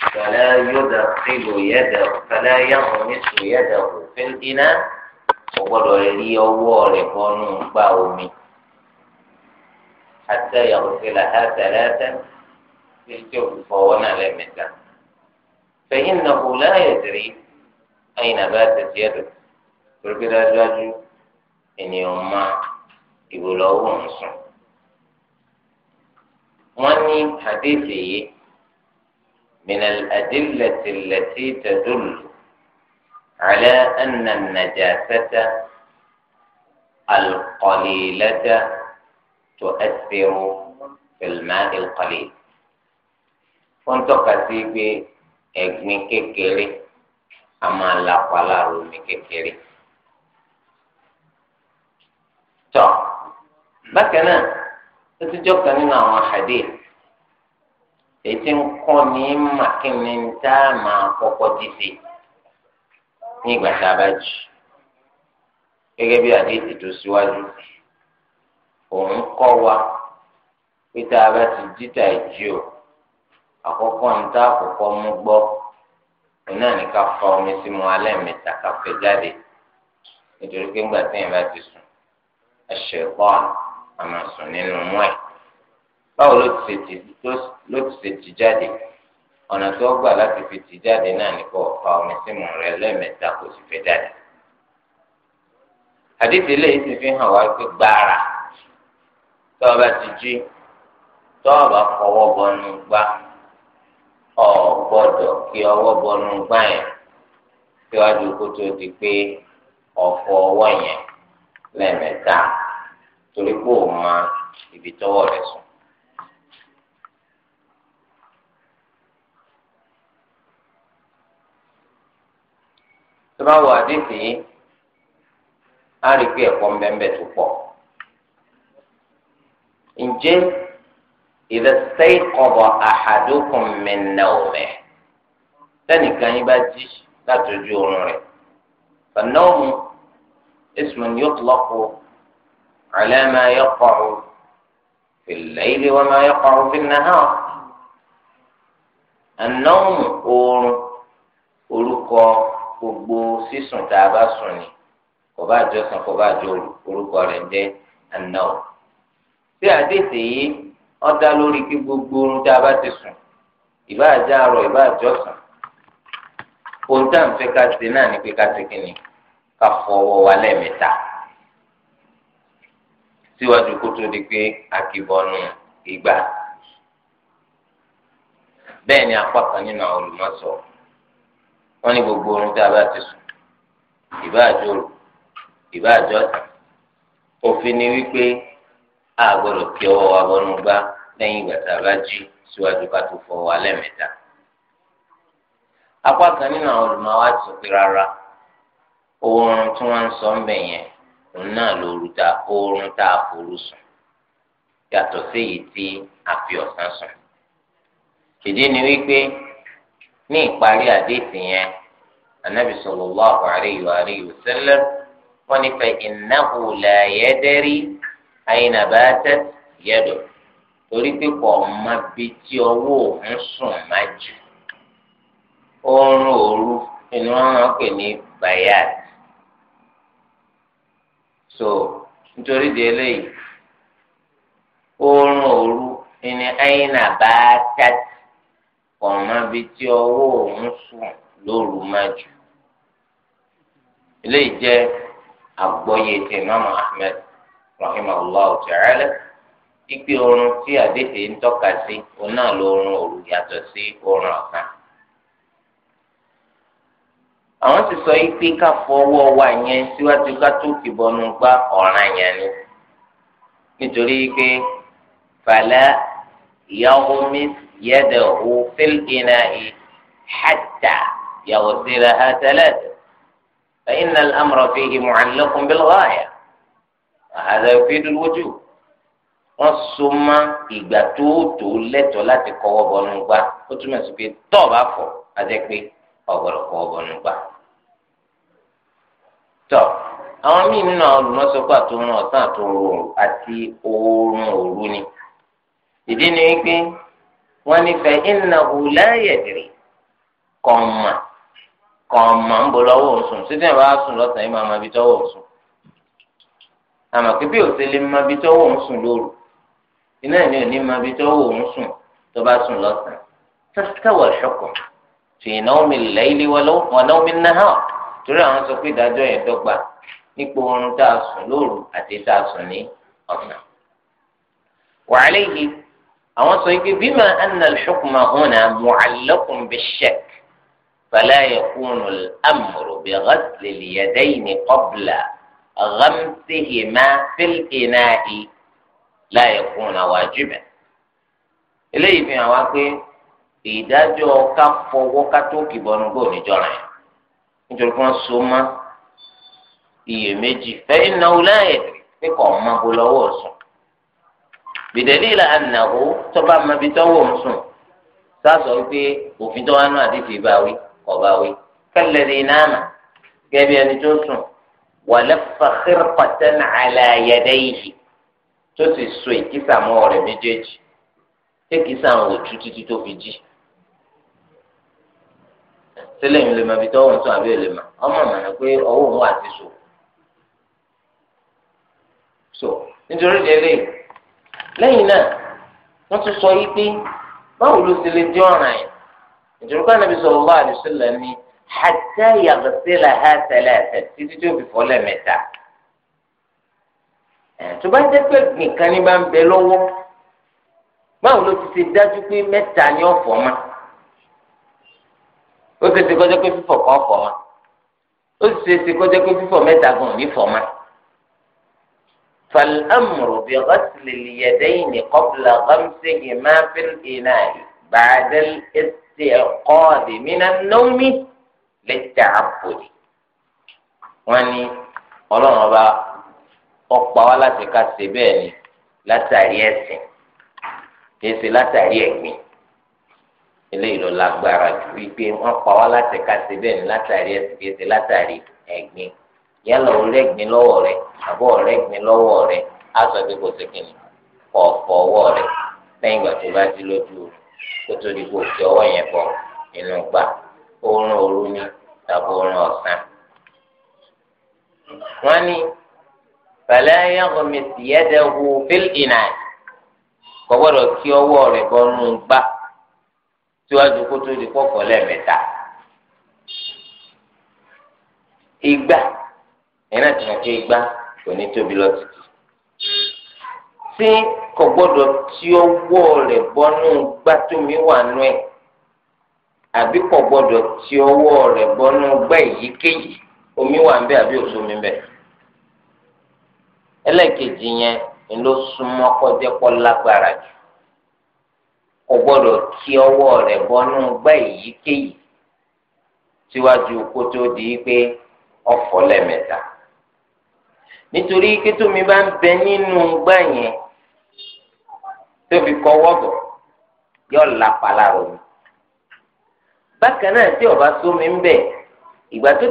فلا يدخل يده فلا يغمس يده في الإناء وقد لي وارق باومي حتى يغسلها ثلاثا في الجوف فوانا لم فإنه لا يدري أين باتت يده تربي لا جاجو إن يوم ما يقول له وني حديثي من الأدلة التي تدل على أن النجاسة القليلة تؤثر في الماء القليل وانت كثير ẹ̀gbin kékeré a máa lapa lára omi kékeré. tọ́ bákan náà títí jọ́ka nínú àwọn hadith èyí tí ń kọ́ ní màkínní tá a máa kọ́kọ́ dìde ní ìgbà tá a bá jù gẹ́gẹ́ bí àdéhùn tó síwájú òun kọ́ wa pé tá a bá ti dìtà ìjì o àkọ́kọ́ ní tá a kọ́kọ́ mú gbọ́ òun náà ní ká fa omi sí mu alẹ́ mẹ́ta ká fẹ́ jáde nítorí pé ńgbà tí yẹn bá ti sùn ẹ̀ṣẹ̀ pọ́ọ̀nù a máa sùn nínú mọ́ ẹ̀ báwo ló ti ṣe ti jáde ọ̀nà tó gbà láti fi ti jáde náà ní kó fa omi símù rẹ lẹ́ẹ̀mẹ́ta kó sì fẹ́ jáde àdìsí lè ti fi hàn wá pé gbàrà tó o bá ti jí tó o bá fọwọ́ bọnú gbá o gbọ́dọ̀ kí ọwọ́ bọnú gbá yẹn síwájú kó tó di pé ọ̀fọ̀ ọwọ́ yẹn lẹ́ẹ̀mẹ́ta torí pé òun máa ibi tọ́wọ́ rẹ̀ sùn. tó bá wọ àdéhùn yìí á rí pé ẹ̀kọ́ ń bẹ́ẹ̀ bẹ́ẹ̀ tó pọ̀. ǹjẹ́ idha stayqadha ahadukum min nawmihi tẹ́nìkan yín bá jí látọjú oorun rẹ̀ fa nawmu ismun yutlaqu. على ما يقع في الليل وما يقع في النهار النوم أور orúkọ gbogbo sísùn tá a bá sùn ni kò bá jọsùn kò bá jọ orúkọ rẹ̀ ń jẹ́ anáwó. tí àdéhìí yìí ó dá lórí kí gbogbo oorun tá a bá ti sùn ìbá àjá àrọ̀ ìbá àjọsùn ohun tá à ń fẹ́ ká ṣe náà ni pé ká ṣe kí ni ká fọwọ́ wa lẹ́ẹ̀mẹ́ta síwájú kó tó di pé akìbọnú ìgbà bẹ́ẹ̀ ni apá kan nínú àwọn olùmọ̀sọ wọn ní gbogbo orun tí a bá ti sùn ìbá àjọrò ìbá àjọta òfin ni wípé a gbọ́dọ̀ kí ọwọ́ wa bọnú gbá lẹ́yìn ìgbà tá a bá jí síwájú ká tó fọ wa lẹ́ẹ̀mẹ́ta apá kan nínú àwọn olùmọ̀wá ti sọ pé rárá oorun tí wọ́n ń sọ ń bẹ̀ yẹn òun náà lóru ta oorun tá a sùn yàtọ̀ sí èyí a fi ọ̀sán sùn. ìdí ni wípé ní ìparí àdéhùn yẹn anabi sallallahu alayhi wa alihi wa ní fa innahu la yadri ayna batat yadu torí pé kò má bi tí ọwọ́ òun sùn má oorun òru inú wọn so nítorí di eléyìí oorun òru ẹni ẹyin àbá tàtí ọmọ bí tí ọwọ́ òun sùn lóru máa jù eléyìí jẹ́ àgbọ́yé ti imaamu ahmed rahimahullah ta'ala ìpè oorun tí àdéhìí ń tọ́ka sí òun náà lóorun òru yàtọ̀ sí oorun ọ̀sán. àwọn ti sọ yìí pé ká fọwọ́ wa yẹn síwájú ká tó kìbọnú gbá ọ̀ràn yẹn ni nítorí pé fàlẹ́ ìyàwó mi yẹ́dẹ̀ ò fílgìnà ì hàtà yàwó síra àtẹlẹ́tẹ̀ fẹ́yìn náà lámùrọ̀ fi ìmọ̀ àlẹ́kùn bí wọ́n so ìgbà tó tó láti kọ́wọ́ gbá ó túmọ̀ sí pé tọ́ọ̀ bá fọ̀ pé kọ́wọ́ gbá. tọ àwọn míì nínú àwọn olùmọ̀sọ́kọ àtòrun ọ̀sán àtòrun àti oorun òru ni ìdí ni wípé wọ́n ní fẹ́ òláyẹ̀dìrì kọ̀ọ̀mà kọ̀ọ̀mà ń bọ̀ lọ́wọ́ òsùn sídìí ẹ̀ sùn lọ́sàn yìí máa ma bí tọ́wọ́ òsùn àmọ́ mma bí òsèlè ma bí tọ́wọ́ òsùn lóru iná ẹ̀ òní ma bí tọ́wọ́ òsùn tó bá sùn lọ́sàn-án tẹ́sítẹ́wọ̀ ṣọkọ̀ tìǹà lẹ́yìn náà torí àwọn sọ pé ìdájọ́ yẹn dọ́gba nípò oorun tá a sùn lóru àti tá a sùn ní ọ̀sán. wàhálà yìí àwọn sọ pé bima anna al-hukma huna mu'allaqun bi-shakk fala yakunu al-amru bi-ghasli al-yadayni qabla ghamsihima fil-ina'i la yakunu wajiban. eléyìí fi hàn wá pé ìdájọ́ ká fọwọ́ ká tó kìbọnú gbòòrò níjọ́ra yẹn nítorí kí wọ́n so má iyèméjì fẹ́yìn náà láyè pé kò má bo lọ́wọ́ sùn bìdẹ̀lì ìlà ànàwó tó bá má bi tọ́wọ́ ń sùn sáàsọ wípé òfin tó wá nù àdìsí bá wí kò bá wí kẹlẹ́ ní nàmà gẹ́gẹ́ ẹni tó sùn wà lẹ́fà xírpàtàn àlàyédè yìí tó sì so ìkísàmọ́ rẹ̀ méjèèjì tí kìsàmọ́ òtú títí tó fi jí. sílẹ̀ ń lè mọ ibi tọ́wọ́ elema sọ àbí èlè mọ ọmọ mọ̀nà so nítorí délé lẹ́yìn náà wọ́n tún sọ yí pé báwo ló ti lè ọ̀ràn ni títí tó fi tó bá jẹ́ pé nìkan ní bá ń bẹ lọ́wọ́ báwo ló ti ṣe ó ṣe ti kọjá pé fífọ̀ kan fọ̀ ma ó sì ṣe ti kọjá pé fífọ̀ mẹ́ta gan ní fọ̀ ma. فالأمر بغسل اليدين قبل غمسهما في الإناء بعد الاستيقاظ من النوم للتعبد wọ́n ní ọlọ́run ọba ọ̀pá wa láti ká ṣe bẹ́ẹ̀ ni látàrí ẹ̀sìn kì í ṣe látàrí ẹ̀gbìn eléyìí ló lágbára ju wípé wọn pa wá láti kásẹ bẹ́ẹ̀ ni látàrí ẹsìn kẹsẹ látàrí ẹ̀gbin yálà orí ẹ̀gbin lọ́wọ́ rẹ àbọ ọrẹ ẹ̀gbin lọ́wọ́ rẹ á sọ pé kò sí kìnnì kọ ọ̀fọ̀ ọwọ́ rẹ lẹ́yìn ìgbà tó bá ti lójú kó tó di kó fi ọwọ́ yẹn bọ inú gbà oorun òru ni tàbí oorun ọ̀sán. wọn ní fala yaghmis yadahu fil ina kò gbọ́dọ̀ kí ọwọ́ rẹ bọ nù gbà síwájú kó tó di kọ́kọ́ lẹ́ẹ̀mẹ́ta igba ẹ̀rọ àti ìrìnàjò igba kò ní tóbi lọ títí tí kò gbọ́dọ̀ tí ọwọ́ rẹ̀ bọ́nú gbátómi wà nú ẹ̀ àbí kò gbọ́dọ̀ tí ọwọ́ rẹ̀ bọ́nú gbá èyíkéyìí omi wà ń bẹ àbí òsó mi bẹ ẹlẹ́ẹ̀kejì yẹn ló súnmọ́ kọjá kọ́ jù ọ gbọdọ kí ọwọ́ rẹ̀ bọ́nú gbá èyíkéyìí síwájú kó tó di pé ọ̀fọ̀ lẹ́mẹ̀ta nítorí kítómi bá ń bẹ nínú gbá yẹn tó fi kọ bákan náà tí ọba ń bẹ ìgbà tó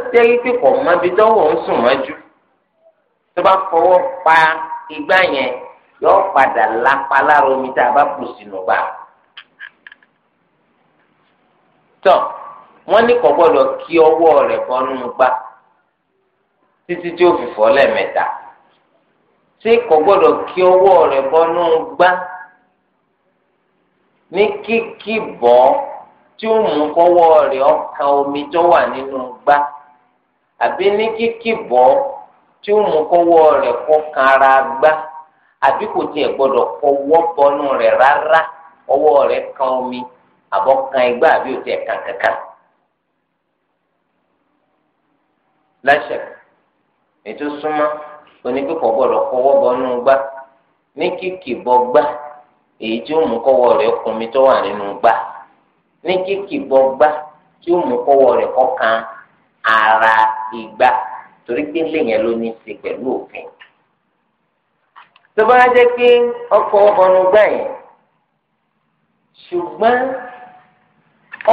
ń sùn tó bá pa igbá tán wọ́n ní kọ gbọdọ kí ọwọ́ rẹ̀ bọ́nú gbá títí tí ó fi fọ́ lẹ́ẹ̀mẹ́ta ṣé kò gbọ́dọ̀ kí ọwọ́ rẹ̀ bọ́nú gbá ní kíkí tí ó mú ọkà omi tó wà nínú gbá àbí ní kíkí tí ó mú gbá àbí kò omi àbọ̀ kan igbá àbí òtí ẹ̀ka kankan. láṣẹ ètò súnmọ́ oníkókò gbọ́dọ̀ kọ́wọ́ bọnú gbá ní kìkì bọ́ gbá èyí tí ó mú kọ́wọ́ rẹ̀ kùnmi tó wà nínú gbá ní kìkì bọ́ gbá tí ó mú kọ́wọ́ rẹ̀ kọ́kan ara ìgbà torí pé lèyẹn ló ní í ṣe pẹ̀lú òfin. tó bá jẹ́ pé ọkọ̀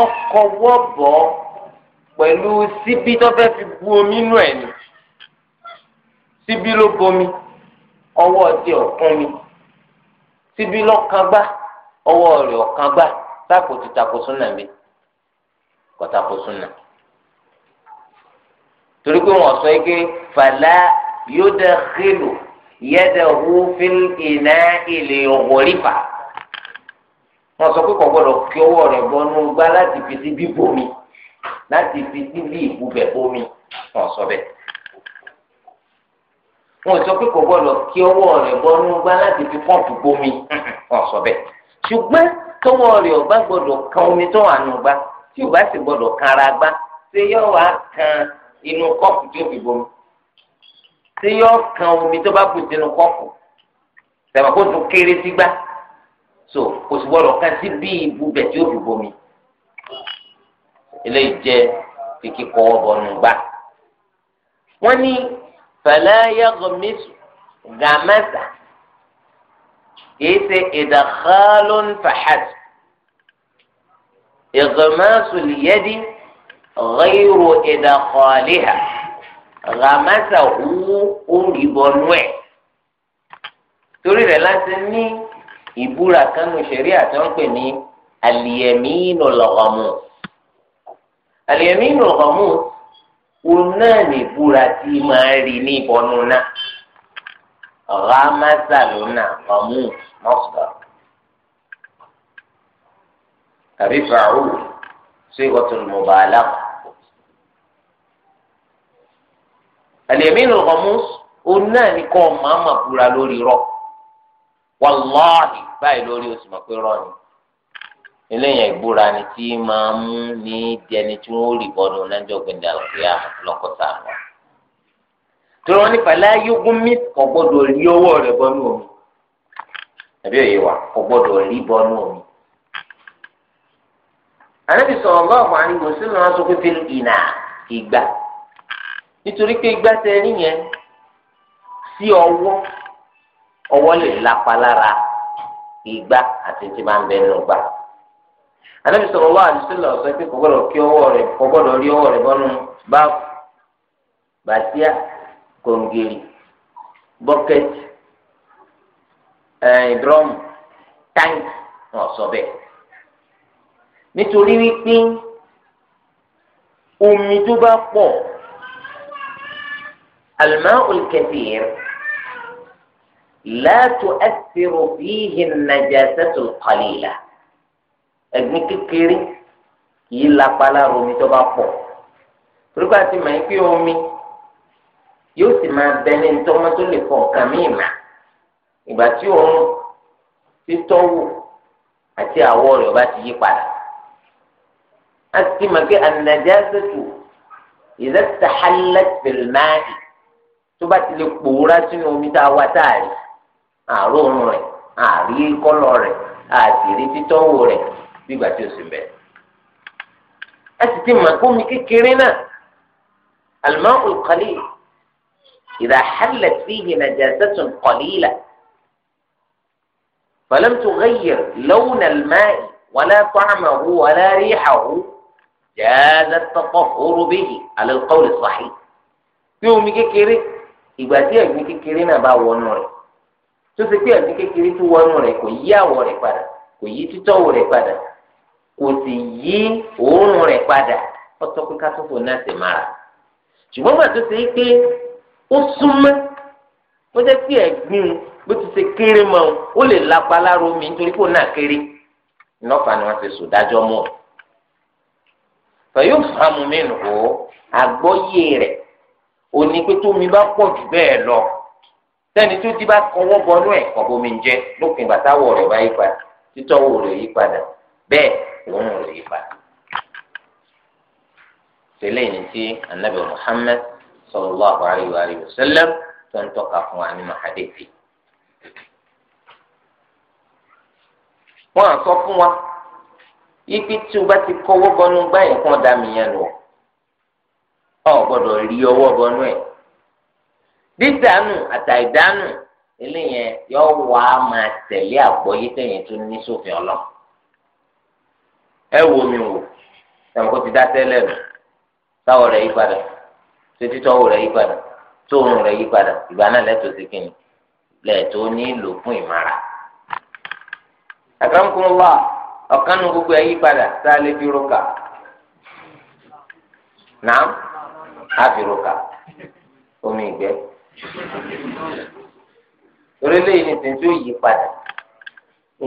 ọkọ̀ wọ́bọ̀ pẹ̀lú síbi tó fẹ́ fi bu omi nù ẹ̀ ni síbi ló bomi ọwọ́ ti ọ̀kún mi síbi lọ́kàn gbá ọwọ́ rẹ̀ ọ̀kan gbá sáàpò ti tako súnà mi kò tako súnà torí pé wọ́n sọ yìí pé fàlà yóò dẹ xèlò yẹ dẹ hu fi ìná ilé ọ̀wọ́rífà wọn sọ pé kò gbọ́dọ̀ kí ọwọ́ rẹ̀ bọnú gbá láti fi sí bíbomi láti fi sí bí ìbúbẹ bomi wọn sọ bẹ́ẹ̀ wọn sọ pé kò gbọ́dọ̀ kí ọwọ́ rẹ̀ bọnú gbá láti fi pọmpu bomi wọn sọ bẹ́ẹ̀ ṣùgbọ́n tọwọ́ rẹ̀ ọba gbọ́dọ̀ kan omi tó wà nù gbá tí ọba sì gbọ́dọ̀ kan ara gbá ṣé yọ wá kan inú kọ́ọ̀pù tó fi bomi ṣé yọ kan omi tó bá bù sínú kọ́ọ̀pù tẹmọ kó tún kéré sí gbá so kò sì gbọ́dọ̀ kan sí bí ibùbẹ̀ tí ó fi bomi eléyìí jẹ́ ti kíkọ́ ọ̀bọ̀nù gbà. wọ́n ní fala yaghmis gàmẹ́sà kìí ṣe idkhalun fahad ighmasul yadi ghayru idkhaliha gàmẹ́sà wú ó rí bọ́nú torí rẹ̀ láti ní ìbúra kanu ṣẹ̀rí àtọ́npẹ̀ ní àlìyẹ̀mínú lọ́gọ́mù àlìyẹ̀mínú lọ́gọ́mù òun náà ní ìbúra tí máa rí ní ìbọnú náà ramasa lona ọmú mọ́sùlá tàbí fàáhù sí ọtún mọ̀bàlá. àlìyẹ̀mínú lọ́gọ́mù òun náà ní kọ́ ọ̀ máa mà búra lórí rọ́ọ̀. wàláhì báyìí lórí oṣù mọ̀ pé eléyàn ìbúra ni tí máa mú ní jẹni tí ó rí bọ́dún lẹ́jọ́ gbẹ̀dẹ̀ àlùkìyà lọ́kọ̀tà wọn. tí wọn ní pẹ̀lẹ́ mi kò gbọ́dọ̀ rí owó rẹ̀ bọ́nú omi òye wa kò gbọ́dọ̀ rí omi. sọ̀rọ̀ sínú ìnà ìgbà nítorí pé ìgbà ọwọ́ lè lápá lára ìgbà àti tí máa ń bẹ nínú gbà. Ànábì sallallahu alaihi wasallam sọ pé kò gbọ́dọ̀ kí ọwọ́ rẹ̀ kò gbọ́dọ̀ rí ọwọ́ rẹ̀ bọ́nú báàbù bàtíà kòǹgìrì bọ́kẹ́tì ìdúrọ́mù eh, táǹkì wọn sọ bẹ́ẹ̀. nítorí wípé omi tó bá pọ̀ al-ma'ul kathir láàtú ẹsẹ̀rù fíhì nàjàsẹ́tù kọ̀lìlà ẹ̀gbin kékeré kìí lápálá omi tó bá pọ̀ torípa ti mọ̀ ẹ́ pé omi yóò sì máa bẹ ní ntọ́mọ tó lè fọ nǹkan míì mà ìgbà tí òun títọ́wò àti àwọ̀ rẹ̀ bá ti yí padà a ti mọ̀ pé ànàjàsẹ́tù ìdẹ́sẹ̀ hálẹ́tìlmáì tó bá ti lè pòórá sínú omi tá a wá táàrí. àrùn rẹ̀ àrí kọ́lọ̀ rẹ̀ àtìrí títọ́wò rẹ̀ rẹ gbígbà tí o sì bẹ̀. ẹ sì ti mọ̀ gómi kékeré si náà alimọ́ olùkọ́lé ìdá hàlẹ̀ sí ìhìnàjà sẹ́tùn kọ̀lé ìlà. فلم تغير لون الماء ولا طعمه ولا ريحه جاز التطهر به على القول الصحيح. bí omi kékeré ìgbà tí ẹ̀gbin kékeré náà bá wọnú rẹ̀ tó ṣe pé ẹ̀sìn kékeré tó wọnú rẹ kò yí àwọ rẹ padà kò yí títọ́wò rẹ padà kò sì yí òórùn rẹ padà ọtọ pé náà sì mara ṣùgbọ́n gbà tó ṣe pé ó súnmọ́ jẹ́ pé bó ti ṣe kéré mọ́ ó lè lapa lára omi nítorí kó náà kéré nọ́ọ̀fà ni wọ́n ti sùn dájọ́ mọ́ ọ. tẹ́ni tó ti bá kọwọ́ bọnú ẹ̀ kọ̀ bómi ń jẹ́ lópin bàtàwọ̀ rẹ̀ bá yí padà títọ́wò rẹ̀ yí padà bẹ́ẹ̀ òórùn rẹ̀ yí padà. tẹ́lẹ̀ ní ti anabi muhammed sallallahu alayhi wa alayhi wa sallam tó ń tọ́ka fún wa nínú hadithi. wọ́n á sọ fún wa ibi tí o bá ti kọwọ́ bọnú báyìí kan dà mí yẹn lọ ọ̀ gbọ́dọ̀ rí ọwọ́ bọnú ẹ̀. dídánù àtàìdánù eléyẹn yọ wà á máa tẹ̀lé àgbọ́yé tẹ̀yìn tó ní sófin ọlọ́ ẹ wo mi wò ti dá tẹ́lẹ̀ nù táwọ̀ rẹ̀ yí padà rẹ̀ yí padà rẹ̀ padà ìgbà náà lẹ́tọ̀ọ́ sí kìnnì lẹ́ẹ̀tọ́ fún wà gbogbo ẹ̀ tá a lè fi roka náà á fi roka torí lẹ́yìn ní tẹ̀sí ó yí padà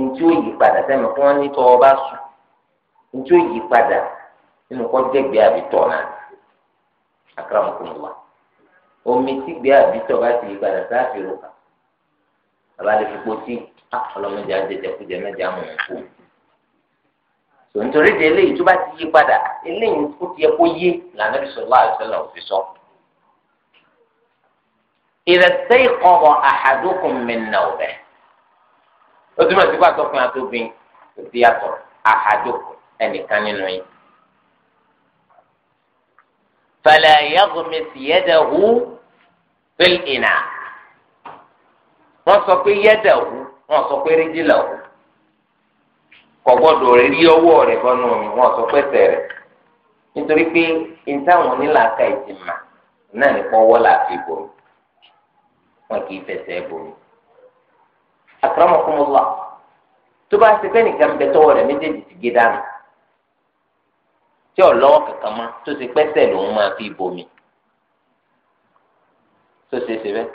ntí ó yí padà sẹ́mi kí wọ́n ní tọ́ ọ bá sùn ntí ó yí padà nínú kọ́ jẹ́gbẹ́ àbítọ̀ náà akérèmọ́kùnrin wa omi tí gbé àbítọ̀ bá ti yí padà sáàfì rò kà abalẹ̀ fipò tí ah, ọlọ́mọdé ajẹjẹkújẹ mẹ́jọ amọ̀ nǹkó tòǹtòrí de eléyìí tó bá ti yí padà eléyìí kó tiẹ̀ kó yé lànà Rasulullah sallallahu alaihi wasallam òfin sọ. إذا استيقظ أحدكم من نومه ó túmọ̀ sí pàtó fún atóbin kò sí yàtọ̀ àhàdùkù ẹnìkan nínú yín. fala yaghmis yadahu fil ina wọ́n sọ pé yadahu wọ́n sọ pé rijlahu kò gbọ́dọ̀ rẹ̀ rí ọwọ́ rẹ̀ bọ́nú omi wọ́n sọ pé tẹ̀rẹ̀ nítorí pé ìtàwọn onílàákà ìtìmà náà ní pọ́wọ́ làá fi bò ó wọn kì í fẹsẹ̀ bomi. akramakumullah tó bá ṣe pé nìkan bẹ tọwọ́ rẹ̀ méjèèjì ti gé dànù tí ọlọ́wọ́ kankan mọ́ tó ṣe pẹ́sẹ̀ lòun máa fi bomi tó ṣe ṣe bẹ́ẹ̀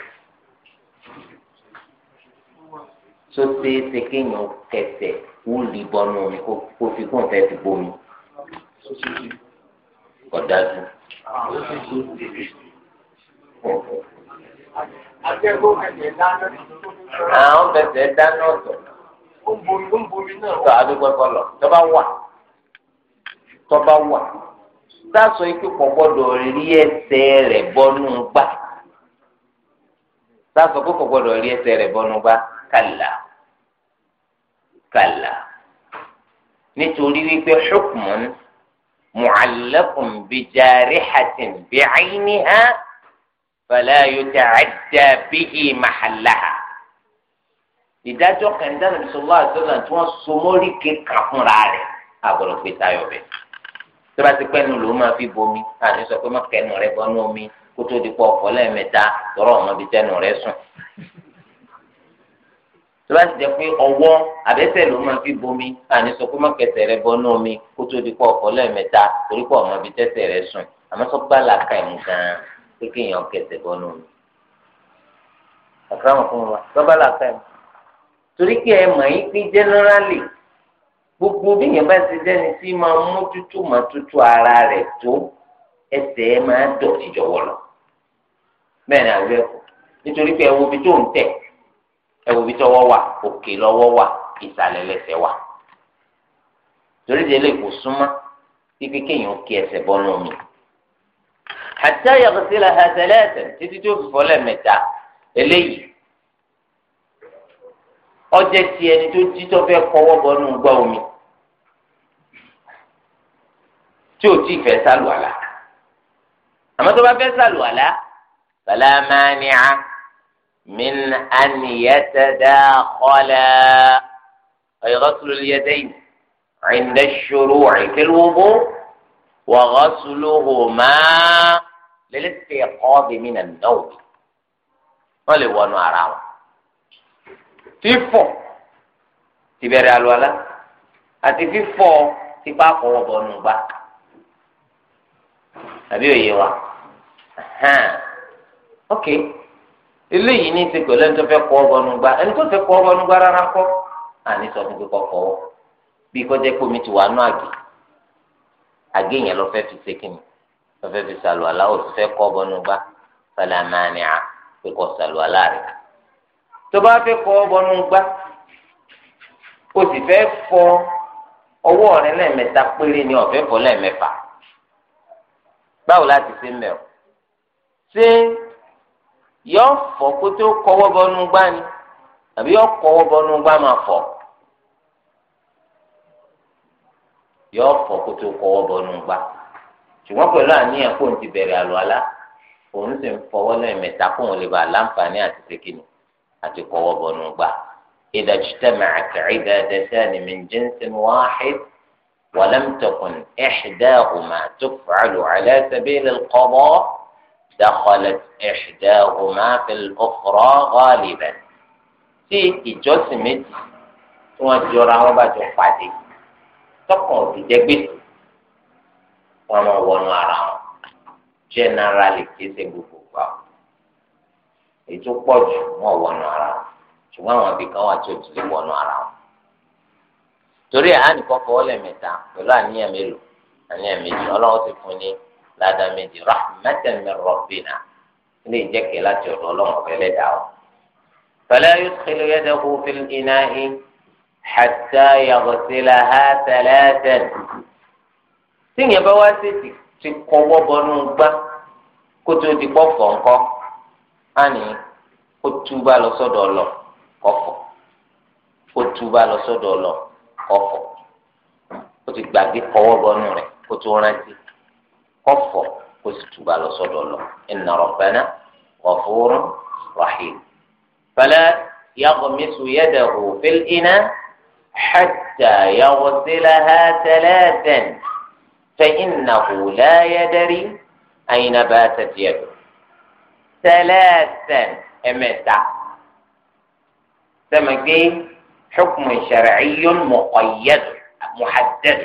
tó ṣe é ṣe kéèyàn kẹsẹ̀ wú lì bọnú omi kó fi kóun fẹ́ fi bomi kọ̀dájú àwọn bẹsẹ̀ dáná ọ̀tọ̀ tọ́ àdúgbò kọlọ̀ tọ́ba wà tọ́ba wà sáàsọ ikú pọ̀ gbọ́dọ̀ rí ẹsẹ̀ rẹ̀ bọ́nú gbà sáàsọ ikú pọ̀ gbọ́dọ̀ rí ẹsẹ̀ rẹ̀ bọ́nú gbà kàlà kàlà nítorí wípé hukmun mu'allaqun bi jarihatin bi'ayniha fala yuta'adda bihi mahallaha ìdájọ́ kẹndẹ nàbí sọlá àtọlà tí wọn so mórí kéka fúnra rẹ̀ àbọrọ pé táyọ bẹ tọba ti pẹnu ló máa fi bomi àti sọ pé má kẹnu rẹ̀ bọ ní omi kó tó di pọ ọ̀fọ̀ lẹ́ẹ̀mẹ́ta tọrọ ọmọ bíi tẹnu rẹ̀ sùn tọba ti jẹ pé ọwọ́ àbẹ̀sẹ̀ ló máa fi bomi àti sọ pé má kẹsẹ̀ rẹ̀ bọ ní omi kó tó di pọ ọ̀fọ̀ lẹ́ẹ̀mẹ́ta torí pọ ọmọ bíi tẹsẹ̀ rẹ̀ sùn àmọ́ sọ gbàlà ka mú ganan pé kéèyàn kẹsẹ̀ bọ́nú mi àkàràmọ̀ fún wa sọ́bàlà ká ẹ̀ torí kí ẹ mọ̀ yín pín jẹ́nẹ́rálì gbogbo bí yẹn bá ti dẹ́ni tí máa mú tútù máa tútù ara rẹ̀ tó ẹsẹ̀ ẹ máa dọ̀tí jọ̀wọ́ lọ bẹ́ẹ̀ ni àwọn ẹ̀kọ́ nítorí pé ẹ wo ibi tó ń tẹ̀ ẹ wo ibi wà òkè lọ́wọ́ wà ìsàlẹ̀ lẹ́sẹ̀ wà torí délé kò súnmọ́ pípé kéèyàn kí ẹsẹ̀ bọ́nú mi. حتى يغسلها ثلاثا تجي تشوف فلان متاع اللي أجت يعني تجي تشوف قوة بنو قومي تو تي فيصل ولا أما تبى فيصل ولا فلا مانع من أن يتداخلا أي غسل اليدين عند الشروع في الوضوء وغسلهما lil-istiqāḍi min an-nawm wọ́n lè wọnú ara wọn. fífọ̀ ti bẹ̀rẹ̀ àlùwàlá àti ati ti bá àbí òye wa ok eléyìí ní ti pẹ̀lú ẹni tó fẹ́ kọ́ ẹni tó fẹ́ kọ́ bọ̀nù gbá rárá kọ́ àní sọ fún kíkọ́ fọwọ́ bí kọjá pé omi ti wà ọfẹ fi sàlùwàlá òfẹ kọ bọnúgbà fàlàmánìà pé kọ sàlùwàlá rẹ tó bá fẹ́ kọ bọnúgbà o sì fẹ́ fọ ọwọ́ rẹ lẹ́ẹ̀mẹ́ta péré ni ọfẹ fọ lẹ́ẹ̀mẹ́fà báwo láti ṣe mẹ o ṣé yọ fọ kó tó kọwọ bọnúgbà ni àbí yọ kọwọ bọnúgbà máa fọ yọ fọ kó tó kọwọ bọnúgbà ṣùgbọ́n pẹ̀lú àníyàn kóun ti bẹ̀rẹ̀ àlùwàlá òun sì ń fọwọ́ lẹ́ẹ̀mẹ́ta kóun lè ba àlàǹfààní àti ṣèkìnnì àti kọ́wọ́ bọ̀nù gbà. إذا اجتمعت عبادتان من جنس واحد ولم تكن إحداهما تفعل على سبيل القضاء دخلت إحداهما في الأخرى غالبا في ìjọsìn méjì tí wọ́n jọra wọn bá jọ pàdé tọkàn òbí wọn máa wọnú ara wọn generally kì í ṣe gbogbo gbà ó ètò pọ̀ jù wọn wọnú ara wọn ṣùgbọ́n àwọn abìkan wà tí ò ti lè wọnú ara wọn torí àánì kọ́kọ́ ó lè mẹ́ta pẹ̀lú àníyàn mélòó àníyàn méjì ọlọ́run ti fún ní ládà méjì rahmatan min ilé ìjẹ́kẹ̀ láti ọ̀dọ̀ ọlọ́run ọ̀bẹ lẹ́dàá o. fala yudkhilu yadahu fil ina'i hatta yaghsilaha thalathan tíyẹn bá wá tètè ti kọwọ́ bọnú gbá kó tó di pọ̀ fọ̀ǹkọ́ á ní kó túbà lọ sọ́dọ̀ ọlọ kọ̀fọ̀ kó túbà lọ sọ́dọ̀ ọlọ kọ̀fọ̀ ó ti gbàgbé kọwọ́ bọnú rẹ̀ kó tó rántí kọ̀fọ̀ kó sì túbà lọ sọ́dọ̀ ọlọ inna rabbana ghafurun rahim. fala yaghmisu yadahu fil ina hatta yaghsilaha thalathan. فإنه لا يدري أين باتت يده ثلاثا أمتع سمكي حكم شرعي مقيد محدد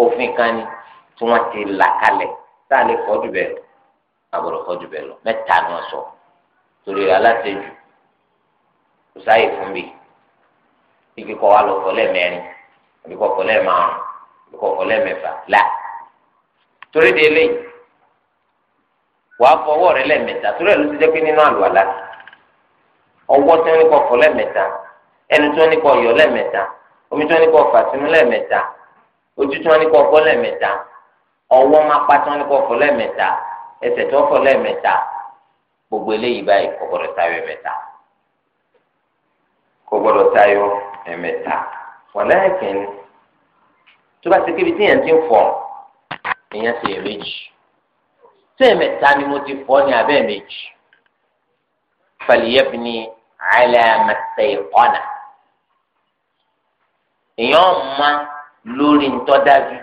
òfin kan ni tí wọn ti là kalẹ̀ tá a lè fọjú bẹ́ẹ̀ lọ àbúrò fọjú bẹ́ẹ̀ lọ mẹ́ta ni wọn sọ torí alátẹjù kò sáàyè fún mi igi kọ wa lọ fọlẹ mẹ́rin àbí kọ fọlẹ márùn kọ̀ọ̀kan lẹ́mẹ̀fà là torí de eléyìí wàá fọwọ́ rẹ lẹ́mẹ̀ta torí ẹ̀ ló ti jẹ́ pé nínú àlùwàlá ọwọ́ tí wọ́n ní kọ́ fọ lẹ́mẹ̀ta ẹnu tí wọ́n ní yọ lẹ́mẹ̀ta omi tí wọ́n ní kọ́ fà sínú lẹ́mẹ̀ta ojú tí ọwọ́ pa tí wọ́n ní kọ́ fọ gbogbo eléyìí báyìí kò gbọdọ̀ tayọ kò gbọdọ̀ tayọ tó bá ti kébi tí èèyàn ti ń fọ̀ èèyàn ti èméjì tí èmẹta ni mo ti fọ̀ ní abẹ́ èméjì fàlìyẹ́bìnì àìlẹ́mẹsẹ̀ ìkọ́nà èèyàn ma lórí ntọ́dájú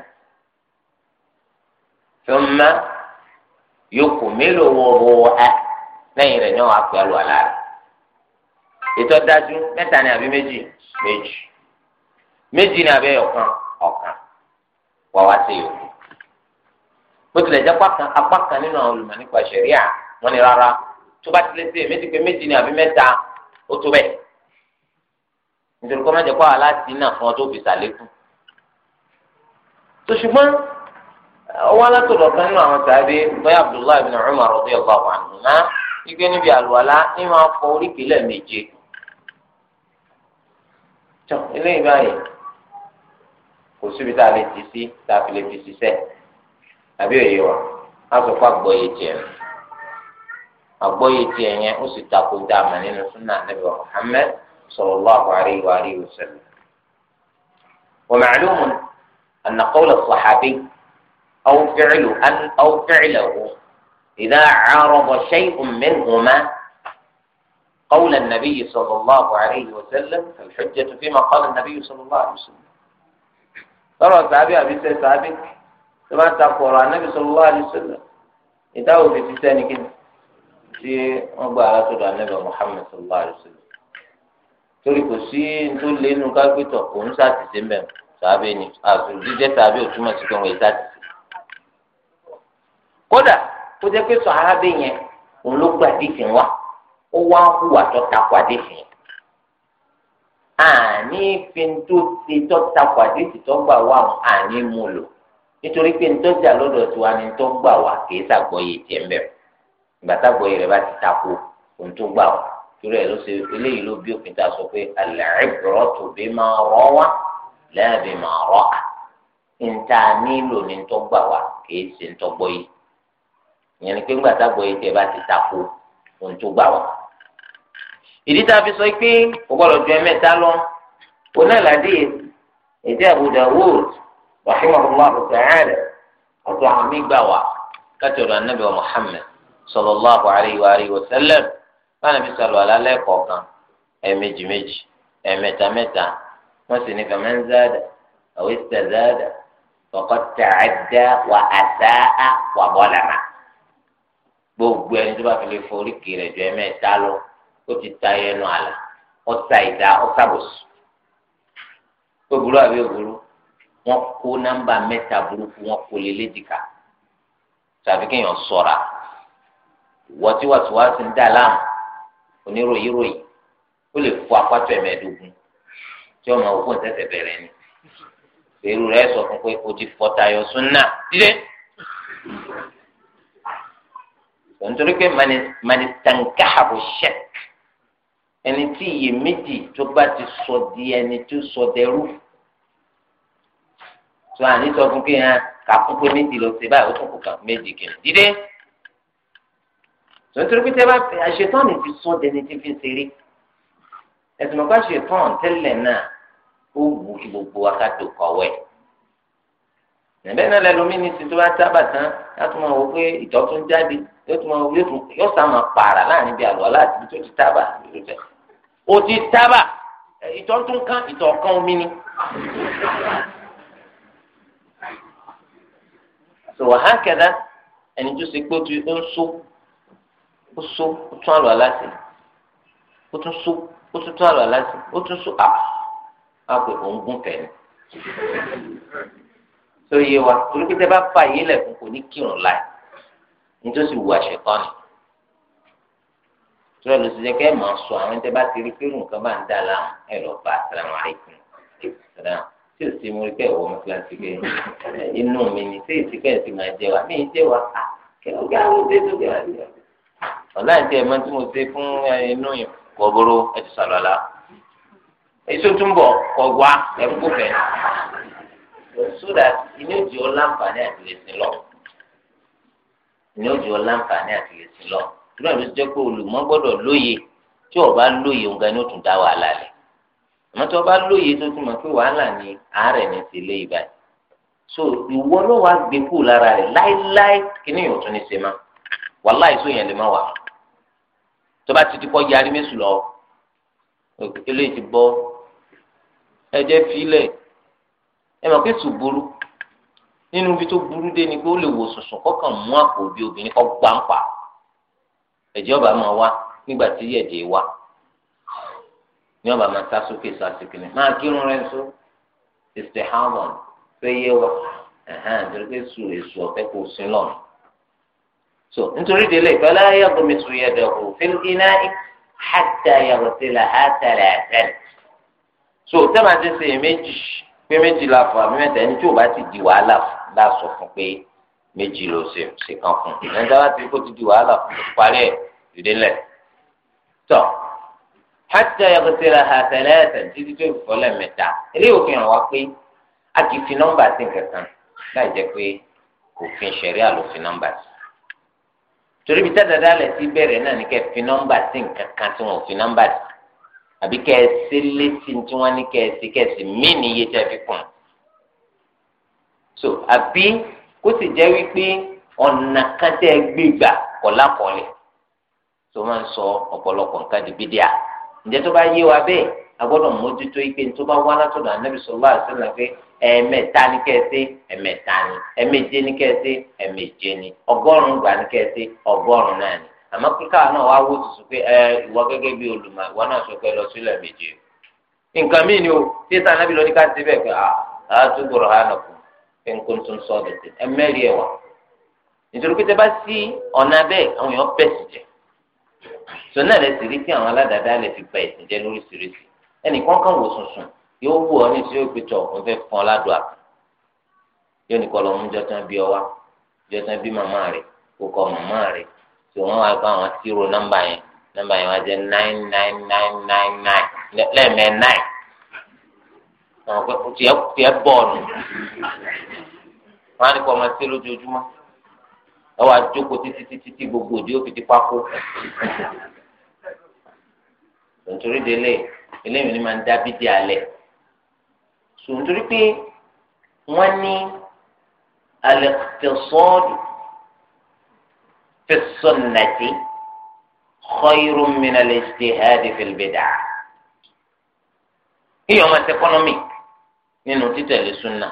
fúnma yòókù mélòó wọ wọ ẹ lẹ́yìn rẹ̀ ní wọn apẹ àlọ́ àlá ìtọ́dájú mẹ́ta ni àbí méjì méjì méjì ni àbẹ́yọ̀ kan. wà wá sí o bó tilẹ̀ jẹ́ apá kan nínú àwọn olùmọ̀ nípa ṣẹ̀ríà wọ́n ní rárá tó bá tilẹ̀ sí méjì pé méjì ni àbí mẹ́ta ó tó bẹ́ẹ̀ nítorí kọ́ mẹ́jẹ̀ pàwọ́ láti iná fún ọ tó fi sàlékún tó ṣùgbọ́n ọwọ́ alátòlọ́ kan nínú àwọn sàbí bóyá Abdullahi bin Umar radiyallahu anhuma igbe níbi àlùwalá ní máa fọ kò síbi tá a lè ti sí tá a fi lè fi ṣiṣẹ́ àbí òye wa a sọ fún àgbọ̀yé tiẹ̀ àgbọ̀yé tiẹ̀ yẹn ó sì ta kó dáa dáàmà nínú súnà níbi Ànábì Muhammad sallallahu alayhi wa alihi wa sallam. ومعلوم أن قول الصحابي أو فعل أن أو فعله إذا عارض شيء منهما قول النبي صلى الله عليه وسلم فالحجة فيما قال النبي صلى الله عليه وسلم lọ́rọ̀ sàábì àbí sẹ́ sàábì tó bá ń ta kọ̀ọ̀rọ̀ anábì sallallahu alaihi wasallam ìdáhùn fi ti sẹ́ni kí ni tí wọ́n gba alátọ́dọ̀ anábì Muhammad sallallahu alaihi wasallam torí kò sí tó lénu kápẹ́tọ̀ kò ń sàtìsí mbẹ́ sàábì ni àtúntò jíjẹ́ sàábì ò túmọ̀ sí pé wọ́n sàtìsí. kódà kó jẹ́ pé sàábì yẹn òun ló gbàdí fi wá ó wá hùwà tó takò àdéhìn àní fi tó ti tó takò àdéhùn tó gbà wá àwọn àní mú lò nítorí pé ntọ́jà lọ́dọ̀ tiwa ni tó gbà wá kìí sàgbọ́yé tiẹ̀ ń bẹ̀ ìgbà sàgbọ́yé rẹ̀ bá ti takò ohun tó gbà wá ló ṣe eléyìí ló bí òfin tá sọ pé al-ibratu bima rawa la bima ra'a níta nílò ni tó gbà wá kìí ṣe ntọ́gbọ́yé ìyẹn ni pé ńgbà sàgbọ́yé tiẹ̀ bá ti takò ohun tó gbà ìdí tá a fi sọ pé kò gbọdọ̀ ju ẹ̀mẹ́ta lọ oná ìlàdí ètò Abu Dawud rahimahullah ta'ala ọ̀dọ̀ àwọn mi gbà wá láti ọ̀dọ̀ anabi wa Muhammad sallallahu alayhi wa alihi wa sallam báyìí fi sọ̀rọ̀ alálẹ́ kọ̀ọ̀kan ẹ̀ẹ̀mejì méjì ẹ̀ẹ̀mẹ́ta mẹ́ta wọ́n sì ní faman zada aw istazada faqad ta'adda wa asa'a wa gbogbo ẹni tó bá fi lè forí kiri ẹ̀jọ̀ ẹ̀mẹ́ta lọ ó ti ta ẹnu àlà ọta ìdá ọtàbòsù ó burú àbí òburú wọn kó nọ́mbà mẹ́ta burúkú wọn kó lé lédìkà tàbí kéèyàn ṣọ́ra wọtíwọtíwọtí ń dà láàmú oníròyìnròyìn ó lè fọ apátọ ẹ̀mẹ́ẹ̀dógún tí ọmọ òkú ń tẹsẹ̀ bẹ̀rẹ̀ ni èrú rẹ̀ sọ fún pé o ti fọ tayọ súnà dídé nítorí pé manistankaha kò ṣẹt ẹni tí iyèméjì tó bá ti sọ di ẹni tó sọ dẹrú tó àní sọ fún kéèyàn kàkúkú méjì lọ sí báyìí ó tún kù kàn méjì kìnnì dídé tòǹtòrò pété bá fẹ́ àṣetọ́ni ti sọ dẹni tí fi ṣeré ẹ̀sìn mọ̀ká ṣetọ́n tẹ́lẹ̀ náà ó wù kí gbogbo wa ká dòkọ̀wẹ́ bẹ́ẹ̀ náà lẹ́nu mi ní ti tó bá tábà tán láti máa wò pé ìtọ̀ tún jáde yóò tún máa wò yóò sá máa pààrà láàrin bí àlọ́ láti ibi tó ti tábà ló tẹ̀. o ti tábà ìtọ̀ tún kán ìtọ̀ kan omi ni. sọ̀rọ̀ hàn kẹ́dá ẹni tó ṣe pé ó ń so ó so ó tún àlọ́ láti ó tún so ó tún tún àlọ́ láti ó tún so àpò ah, òun gún tẹ̀ tó yé wa torí pé tẹ́ bá fà yé lẹ̀kùn kò ní kírun láì nítòsí wù àṣetán ni tó lọ sí jẹ́ kẹ́ máa sọ àwọn tẹ́ bá ti rí pé nǹkan bá ń dà láwọn ẹ̀ lọ bá assalamu alaikum tí o sì mú rí kẹ́ ìwọ ọmọ kíláàsì pé inú mi ni tí èsì kẹ́ ẹ̀sìn máa jẹ wa mí jẹ wa kí ló gbé àwọn ọdẹ tó gbé wa jẹ. ọ̀la ẹ̀ máa tí mo ṣe fún inú yìí ẹ̀ ti sàlọ́lá. èso túnbọ̀ kọ̀ wá ẹ̀kú fẹ́ sódà ìní òjì ó láǹfààní àti lè sin lọ ìní òjì ó láǹfààní àti lè sin lọ tìrọ ló jẹ́ pé olùmọ̀ gbọ́dọ̀ lóye tí ọba lóye òǹgá ni ó tún dá wàhálà rẹ̀ àmọ́ tí ọba lóye tó tún mọ̀ pé wàhálà ni àárẹ̀ ní ti lé ibà yìí so ìwọ ló wàá gbé kú lára rẹ̀ láéláé kíní yóò tún ní ṣe má wàhálà ìṣó yẹn lè má wà tó bá ti ti kọ́ yarí mẹ́sù eléyìí ti bọ́ ẹ jẹ́ fílẹ̀ ẹ mọ̀ pé tù burú nínú ibi tó burú dé ni pé ó lè wò sùnsùn kọ́kàn mú àpò òbí obìnrin kọ́ gbáǹpà ẹ̀jẹ̀ ọba máa wá nígbà tí ẹ̀jẹ̀ wá ní ọba máa sá sókè sá sókè ní máa kírun rẹ̀ nsó ìsè hàmọ́n fẹ́ yé wa ẹ̀hán nítorí pé sùn èso ọ̀fẹ́ kò sí lọ́nà so nítorí délé ìfẹ́lẹ́ ayẹ́gbọ́n mi sùn yẹ dẹ̀kọ̀ òfin iná hàtà yàgò sílẹ̀ hàtà rẹ̀ àtẹ̀lẹ̀ so tẹ́lẹ̀ àti sèyí pé méjì la fún àbí mẹ́ta ẹni tí ò bá ti di wàhálà lásọ fún pé méjì ló ṣe ṣe kan fún un ẹni tí wàá ti kó ti di wàhálà fún un parí ẹ̀ dìde lẹ̀ tọ́ hàtà ẹ̀kọ́tẹ̀rẹ̀ àtẹ̀lẹ́ ẹ̀tẹ̀ títí tó ìfọ́lẹ̀ mẹ́ta eléyìí òfin hàn wá pé a kì í fi nọ́mbà sí nǹkan kan láì jẹ́ pé òfin ṣẹ̀rí àlòfin nọ́mbà sí torí bí tẹ́tẹ̀ dálẹ̀ sí bẹ̀rẹ̀ náà ní kẹ́ fi nọ́mbà sí nǹkan tí wọn ò fi nọ́mbà sí àbí kẹsí létí tí wọn ní kẹsí kẹsí mí níye tẹ fi kùn so àbí kó sì jẹ́ wípé ọ̀nà kan tẹ́ gbé gbà kọ̀lákọ̀lẹ̀ tó máa ń sọ ọ̀pọ̀lọpọ̀ nǹkan di bídíà ǹjẹ́ tó bá yé wa bẹ́ẹ̀ a gbọ́dọ̀ mójútó ike tó bá wá látọ̀dọ̀ anábì sallallahu alaihi wasallam pé ẹ̀ẹ̀mẹ́ta ní kẹ́ẹ̀sì ẹ̀ẹ̀mẹ́ta ní ẹ̀ẹ̀méje ní kẹ́ẹ̀sì ẹ̀ẹ̀méje ní ọgọ́rùn-ún gbà ní kẹ́ẹ̀sì ọgọ́rùn-ún náà ní àmọ́ kíkà náà wá wó tutù pé ẹ ìwọ gẹ́gẹ́ bí olùmọ̀ ìwọ náà sọ pé lọ sílẹ̀ méje nǹkan míì ni o títà náà bí lọ ní ká ti bẹ́ẹ̀ pé àá túbọ̀rọ̀ hàn kù pé n kò tún sọ ọ́dọ̀ tẹ ẹ mẹ́rin ẹ̀ wá nítorí pé tẹ bá sí ọ̀nà bẹ́ẹ̀ àwọn èèyàn bẹ̀ sì jẹ́ sọ náà lẹ sì rí tí àwọn aládàáda lè fi bẹ̀ ẹ̀sìn jẹ́ lóríṣiríṣi ẹnìkan kan wò sùnsùn yóò wù ọ ní tí yóò pétọ òun fẹ́ fọn ládùú yóò ní kọ́ lọ́mú bí ọ wá bí màmá rẹ̀ kó màmá rẹ̀ tó wọn wá bá wọn sírò nọ́mbà yẹn nọ́mbà yẹn wá jẹ nine nine nine nine nine lẹ́ẹ̀mẹ́ nine àwọn pé o tiẹ̀ tiẹ̀ bọ́ọ̀lù wọn á ní kó ọmọ sí lójoojúmọ́ ẹ wá jókòó títí títí tí gbogbo òdi ó fi ti pákó nítorí délé eléyìí ni máa ń dábí di alẹ́ sùn nítorí pé wọ́n ní alẹ́ tẹ̀sọ́ọ̀dù fi sunnati khayrun min al-ijtihad fil bid'ah kéèyàn máa ṣe economic nínú títẹ̀lé súnà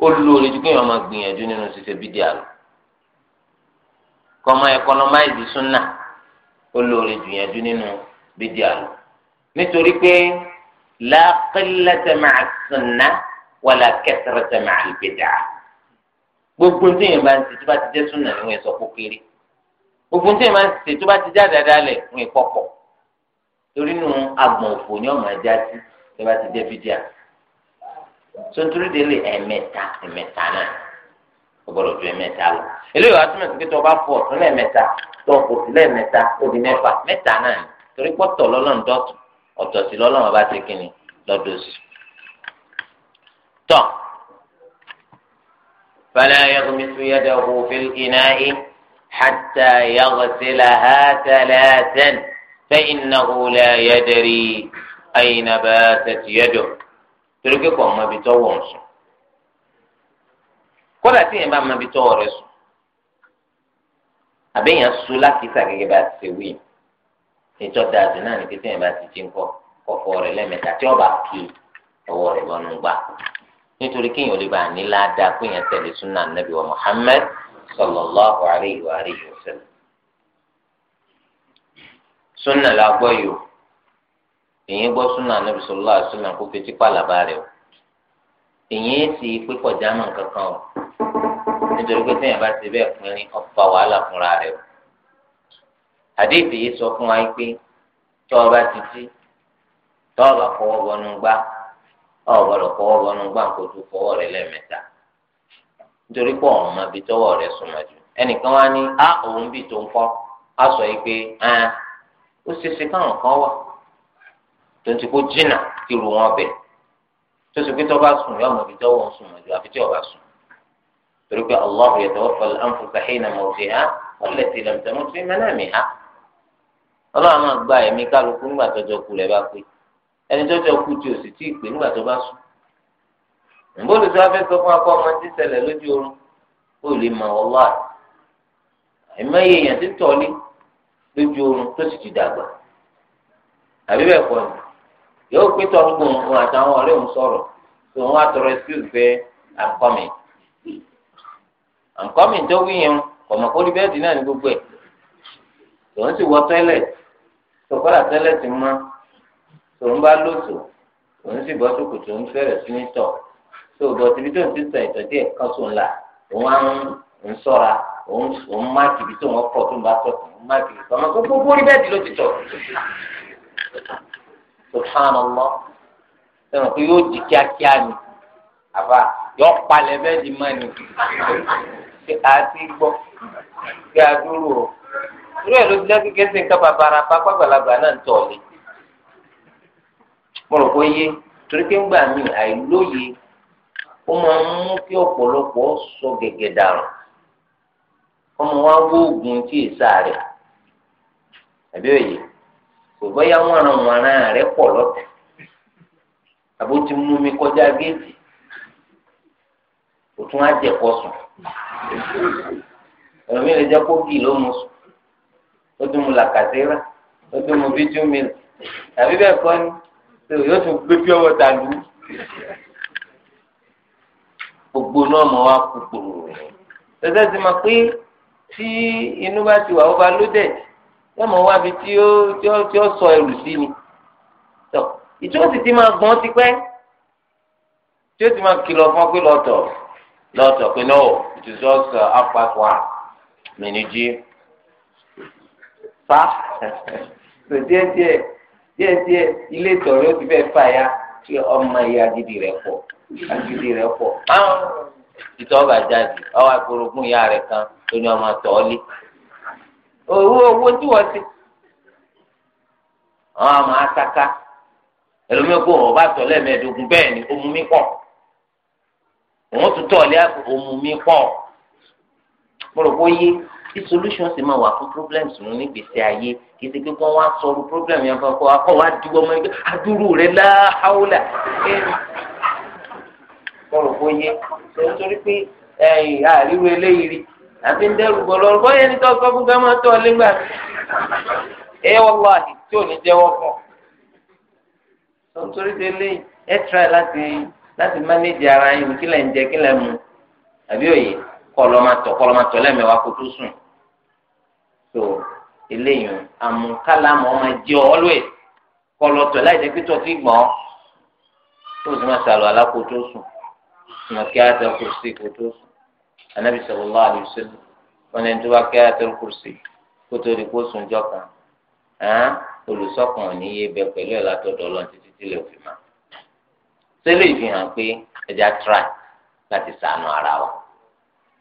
ó lóore ju kéèyàn máa gbìyànjú nínú ṣíṣe bídíà lọ kọ́ máa economize súnà ó lóore ju yànjú nínú bídíà lọ nítorí pé la qillata ma'a sunna wala kathrata ma'a al-bid'ah gbogbo tí yẹn bá ń ṣe tí bá ti jẹ́ súnà ni wọ́n sọ kó kéré gbogbo tí ìmọ̀ ṣe tó bá ti já dáadáa lẹ̀ ń pọ̀pọ̀ torí nu agbọ̀n òfò ni ọmọ ajá sí tó bá ti dé fídíà sonturu de lè ẹ̀mẹ́ta ẹ̀mẹ́ta náà o gbọ́dọ̀ ju ẹ̀mẹ́ta lọ eléyìí wàá túmọ̀ sí tó o bá fọ ọ̀tún lẹ́ẹ̀mẹ́ta tó o kò sí lẹ́ẹ̀mẹ́ta ó mẹ́fà mẹ́ta náà torí pọ̀tọ̀ lọ́lọ́run dọ́tù ọ̀tọ̀ sí lọ́lọ́run ọba ti kíni lọ́dọ̀ sí. tọ́ fẹlẹ́ ayọ́kùnmí tún yẹ حتى يغسلها ثلاثا فإنه لا يدري أين باتت يده تركي ما بيتوهم كل أتين ما بيتوهم سن àbẹ̀yàn sùn lákìsà gẹ́gẹ́ bá ti ṣe wí ìjọ dáadé náà ní pété yẹn bá ti jí ńkọ kọfọ rẹ lẹ́mẹ̀ta tí ọba kì í sallallahu alayhi wa alihi wa sallam sunna la gbọ́ yìí o èyàn gbọ́ sunna anabi sallallahu alayhi wa sallam kó fetí kankan o ti bẹ́ẹ̀ pinrin ọ̀fà wàhálà fúnra rẹ̀ o àdéhìí yìí sọ ti nítorí pé ọ̀hún máa bi tọ́wọ́ rẹ̀ sùn mọ́jú ẹnìkan wá ní á òun bì tó ń kọ́ á sọ yìí pé ó ṣeéṣe káwọn kan wà tó ń ti kó jìnnà kí ru wọn bẹ̀ tó ṣe pé tó bá sùn yóò mọ̀ bi tọ́wọ́ ń sùn mọ́jú àfi tí ò bá sùn torí pé Allahu yatawaffa al-anfusa hina mawtiha wallati lam tamut fi manamiha ọlọ́run máa gba tí ò sì tí ì pé nígbà tó bá sùn ìbólú tí wọ́n fẹ́ sọ fún akọ ọmọ tí ṣẹlẹ̀ lójú oorun ó lè mọ ọlá ẹ̀mọ́ iye èèyàn ti tọ́lé lójú oorun tó sì ti dàgbà àbí bẹ́ẹ̀ kọ́ ni yóò pín tọ́lúgbò òun àtàwọn ọ̀rẹ́ òun sọ̀rọ̀ tó wọn àtọ̀rọ̀ excuse pé i'm coming i'm coming tó wí yẹn kọ̀mọ̀kórí bẹ́ẹ̀dì náà ní gbogbo ẹ̀ tòun sì wọ tẹ́lẹ̀ tọkọ́lá tẹ́lẹ̀ ti mọ́ tòun bá lóṣù tòun sì bọ́ sókòtò ń fẹ́rẹ̀ sí ní tọ̀ so bọ̀tí ibi tó ń ti sọ ìtọ̀ díẹ̀ kan sóun là òun ń sọ́ra òun ibi tó wọn pọ̀ tó ń bá tọ̀ ibi tó gbogbo orí bẹ́ẹ̀ di ló ti tọ̀ subhanallah sọ̀rọ̀ pé yóò di kíákíá ni àbá yọ palẹ̀ bẹ́ẹ̀ di ni gbọ́ o irú ẹ̀ ló ti pa pàgbàlagbà náà ń tọ̀ lé mo rò yé torí pé ó máa ń mú kí ọ̀pọ̀lọpọ̀ sọ gègé dàrú ọmọ wa wó oògùn tí ì sáré àbí òye kò bọ́yá wọ́nra wọ́nra rẹ̀ pọ̀ lọ́tẹ̀ àbó ti mú mi kọjá géètì kò tún á jẹ kọ sùn ẹlòmíì lè jẹ́ kó kì í ló mu sùn ó tún gbogbo náà mọ̀ wá kú gbòòrò rẹ̀ tẹ́tẹ́ ti mọ̀ pé tí inú bá ti wà ó bá lódẹ̀ yóò mọ̀ wá bi tí ó tí ó sọ ẹrù sí ni tọ́ ìtú sì ti máa gbọ́n tipẹ́ tí ó ti máa kìlọ̀ fún ọ pé lọ́tọ̀ pé no it is just uh, half past one mìníjì fa tò díẹ̀ díẹ̀ díẹ̀ díẹ̀ ilé ìtọ̀rẹ́ ó ti fẹ́ fà ya tí ọmọ ìyá gidi rẹ̀ pọ̀ àṣírí rẹ̀ pọ̀ ìtọ́ ọba jáde ọwọ́ àgbòrògùn ìyá rẹ̀ kan tó ní ọmọ tọ́ ọ lé owó owó tí wọ́n ti àwọn àmọ́ asaka ẹlòmíràn kó wọn bá tọ́ lẹ́ẹ̀mẹ́ẹ̀dógún bẹ́ẹ̀ ni omu mi pọ̀ òun tún tọ́ ọ lé omu mi pọ̀ mo rò pé ó yé tí solution sì máa wà fún problems nù nígbèsè ayé kìsì pé wọ́n wá sọ̀rọ̀ problem yẹn fún ọkọ akọ wa dúró ọmọ ẹgbẹ́ adúrú rẹ láhàólà kọrọ bóyé nítorí pé ẹ̀yìn àríwú eléyìí rí àfi ń dẹrù bọ lọrọ bóyá ẹni tó sọ fún gàmá tó ọlẹgbà ẹ wọlọ àti tí ò ní jẹ́wọ́ fún ọ nítorí pé eléyìí ẹ tíra láti láti mánéjì ara yín kí lẹ ń jẹ kí lẹ mu àbí òye kọlọmọtọ kọlọmọtọ lẹmẹwàá kó tó sùn so eléyìí àmúkálámọ ọmọ ẹjẹ ọlọẹ kọlọtọ láì jẹ pé tó ti gbọn tó sì máa sàlọ alákòótó sùn kí á tẹ kùrùsì kó tó sùn anabi sallallahu alaihi wasallam wọn ni tó bá kí á tẹ kùrùsì kó tó di kó sùn jọ kan hàn olùsọkàn ò ní yé bẹ pẹ̀lú ẹ látọ̀dọ̀ Ọlọ́run títí tí lè fi má ṣẹlẹ̀ ìfihàn pé ẹja tra láti sànù ara wa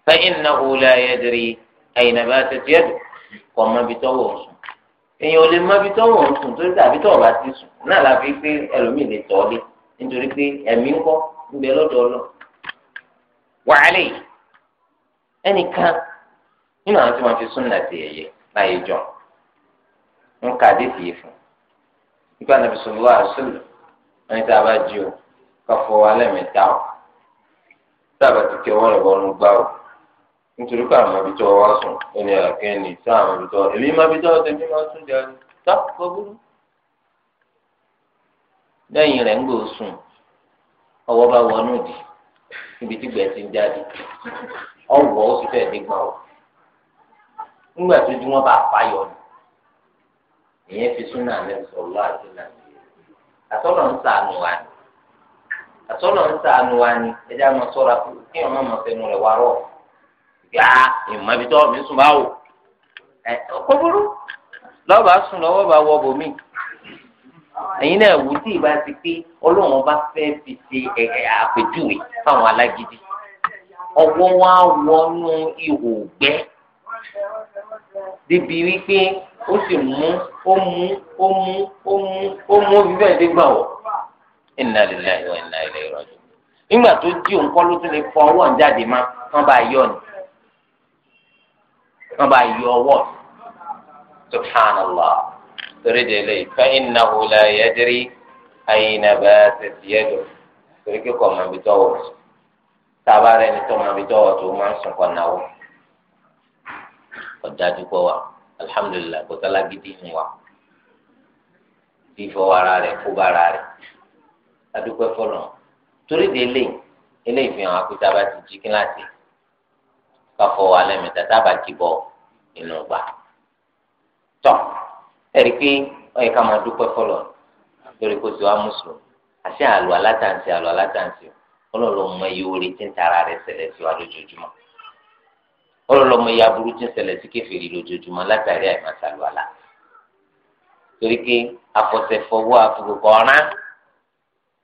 fa innahu la yadri ayna batat yadu kọ ọmọ ibi tọ́wọ́ sùn èèyàn ò lè mọ tọ́wọ́ sùn torí tàbí tọ́wọ́ bá ti sùn náà láfi pé ẹlòmíì lè tọ́ lé nítorí pé ẹ̀mí ń kọ́ ń bẹ lọ́dọ̀ Ọlọ́run wàhálẹ̀ yìí ẹnìkan nínú àwọn tí wọ́n fi súnà ti ẹ̀yẹ láyé jọ ń ka àdéhìí yìí fún nípa nàbì sọlọ́ àṣìlò wọn ní tá a bá jí o ká fọ alẹ́ mi dá o tá a bá ti kí ọwọ́ rẹ̀ wọnú gbá o nítorí pé àwọn ibi tó wá sùn ó ní ni níbi tí gbẹ̀ẹ́ ti ń jáde ọ̀wọ́ ó sì fẹ́ẹ́ dé gbọ́n nígbà tó ju wọn bá fàyọ ni ìyẹn fi súnà lẹ́nu sọ̀rọ̀ àti náà àtọ́nà ń sàánú wa ni àtọ́nà ń sàánú wa ni ẹjẹ́ àmọ́ sọ́ra kí ọmọ ọmọ fẹnu rẹ̀ wá rọ̀ gbà ìmọ̀ ibi tó sùn ẹ̀ sùn lọ́wọ́ bá wọ bòmíì. ẹ̀yin náà wò tí ìbá ti pé ọlọ́run bá fẹ́ fi ṣe àpèjúwe fáwọn alágídí ọwọ́ wa wọnú ihò gbẹ́ débi wípé ó sì mú ó mú ó mú ó mú ó mú bíbẹ̀ dégbà wọ̀ inna lillahi wa inna ilaihi raji'un nígbà tó jí òun kọ́ ló tún lè fọ ọwọ́ jáde má wọ́n bá yọ ni wọ́n bá yọ ọwọ́ subhanallah. torí délé fa innahu la yadri ayna batat yadu torí kíkọ́ ọmọ ibi tọ́wọ̀ tábà rẹ̀ ní tọ́mọ ibi tọ́wọ̀ tó máa ń sùn kọ́ náwó ọ̀dájú wa alhamdulilayi kò tọ́lá gidi ń wa fífọ́ ara rẹ̀ kó bára rẹ̀ adúpẹ́ fọlọ́ torí délé akuta bá ti jí kíláàsì alẹ́ jí bọ́ inú gbà ẹ̀rí pé ọ̀yẹ̀ ká máa dúpẹ́ fọlọ̀ lórí kó ti wá mùsùlùmí àti àlọ́ alátàǹtì àlọ́ alátàǹtì ọlọ́lọ́ mọ iye orí tí ń tara rẹ̀ ṣẹlẹ̀ sí wa lójoojúmọ́ ọlọ́lọ́ mọ iye aburú tí ń ṣẹlẹ̀ sí kèfèrí lójoojúmọ́ látàrí àìmọ̀sálù àlá torí pé afọ̀sẹ̀fọwọ́ àfọ̀gbọ̀gbọ̀ ọ̀ràn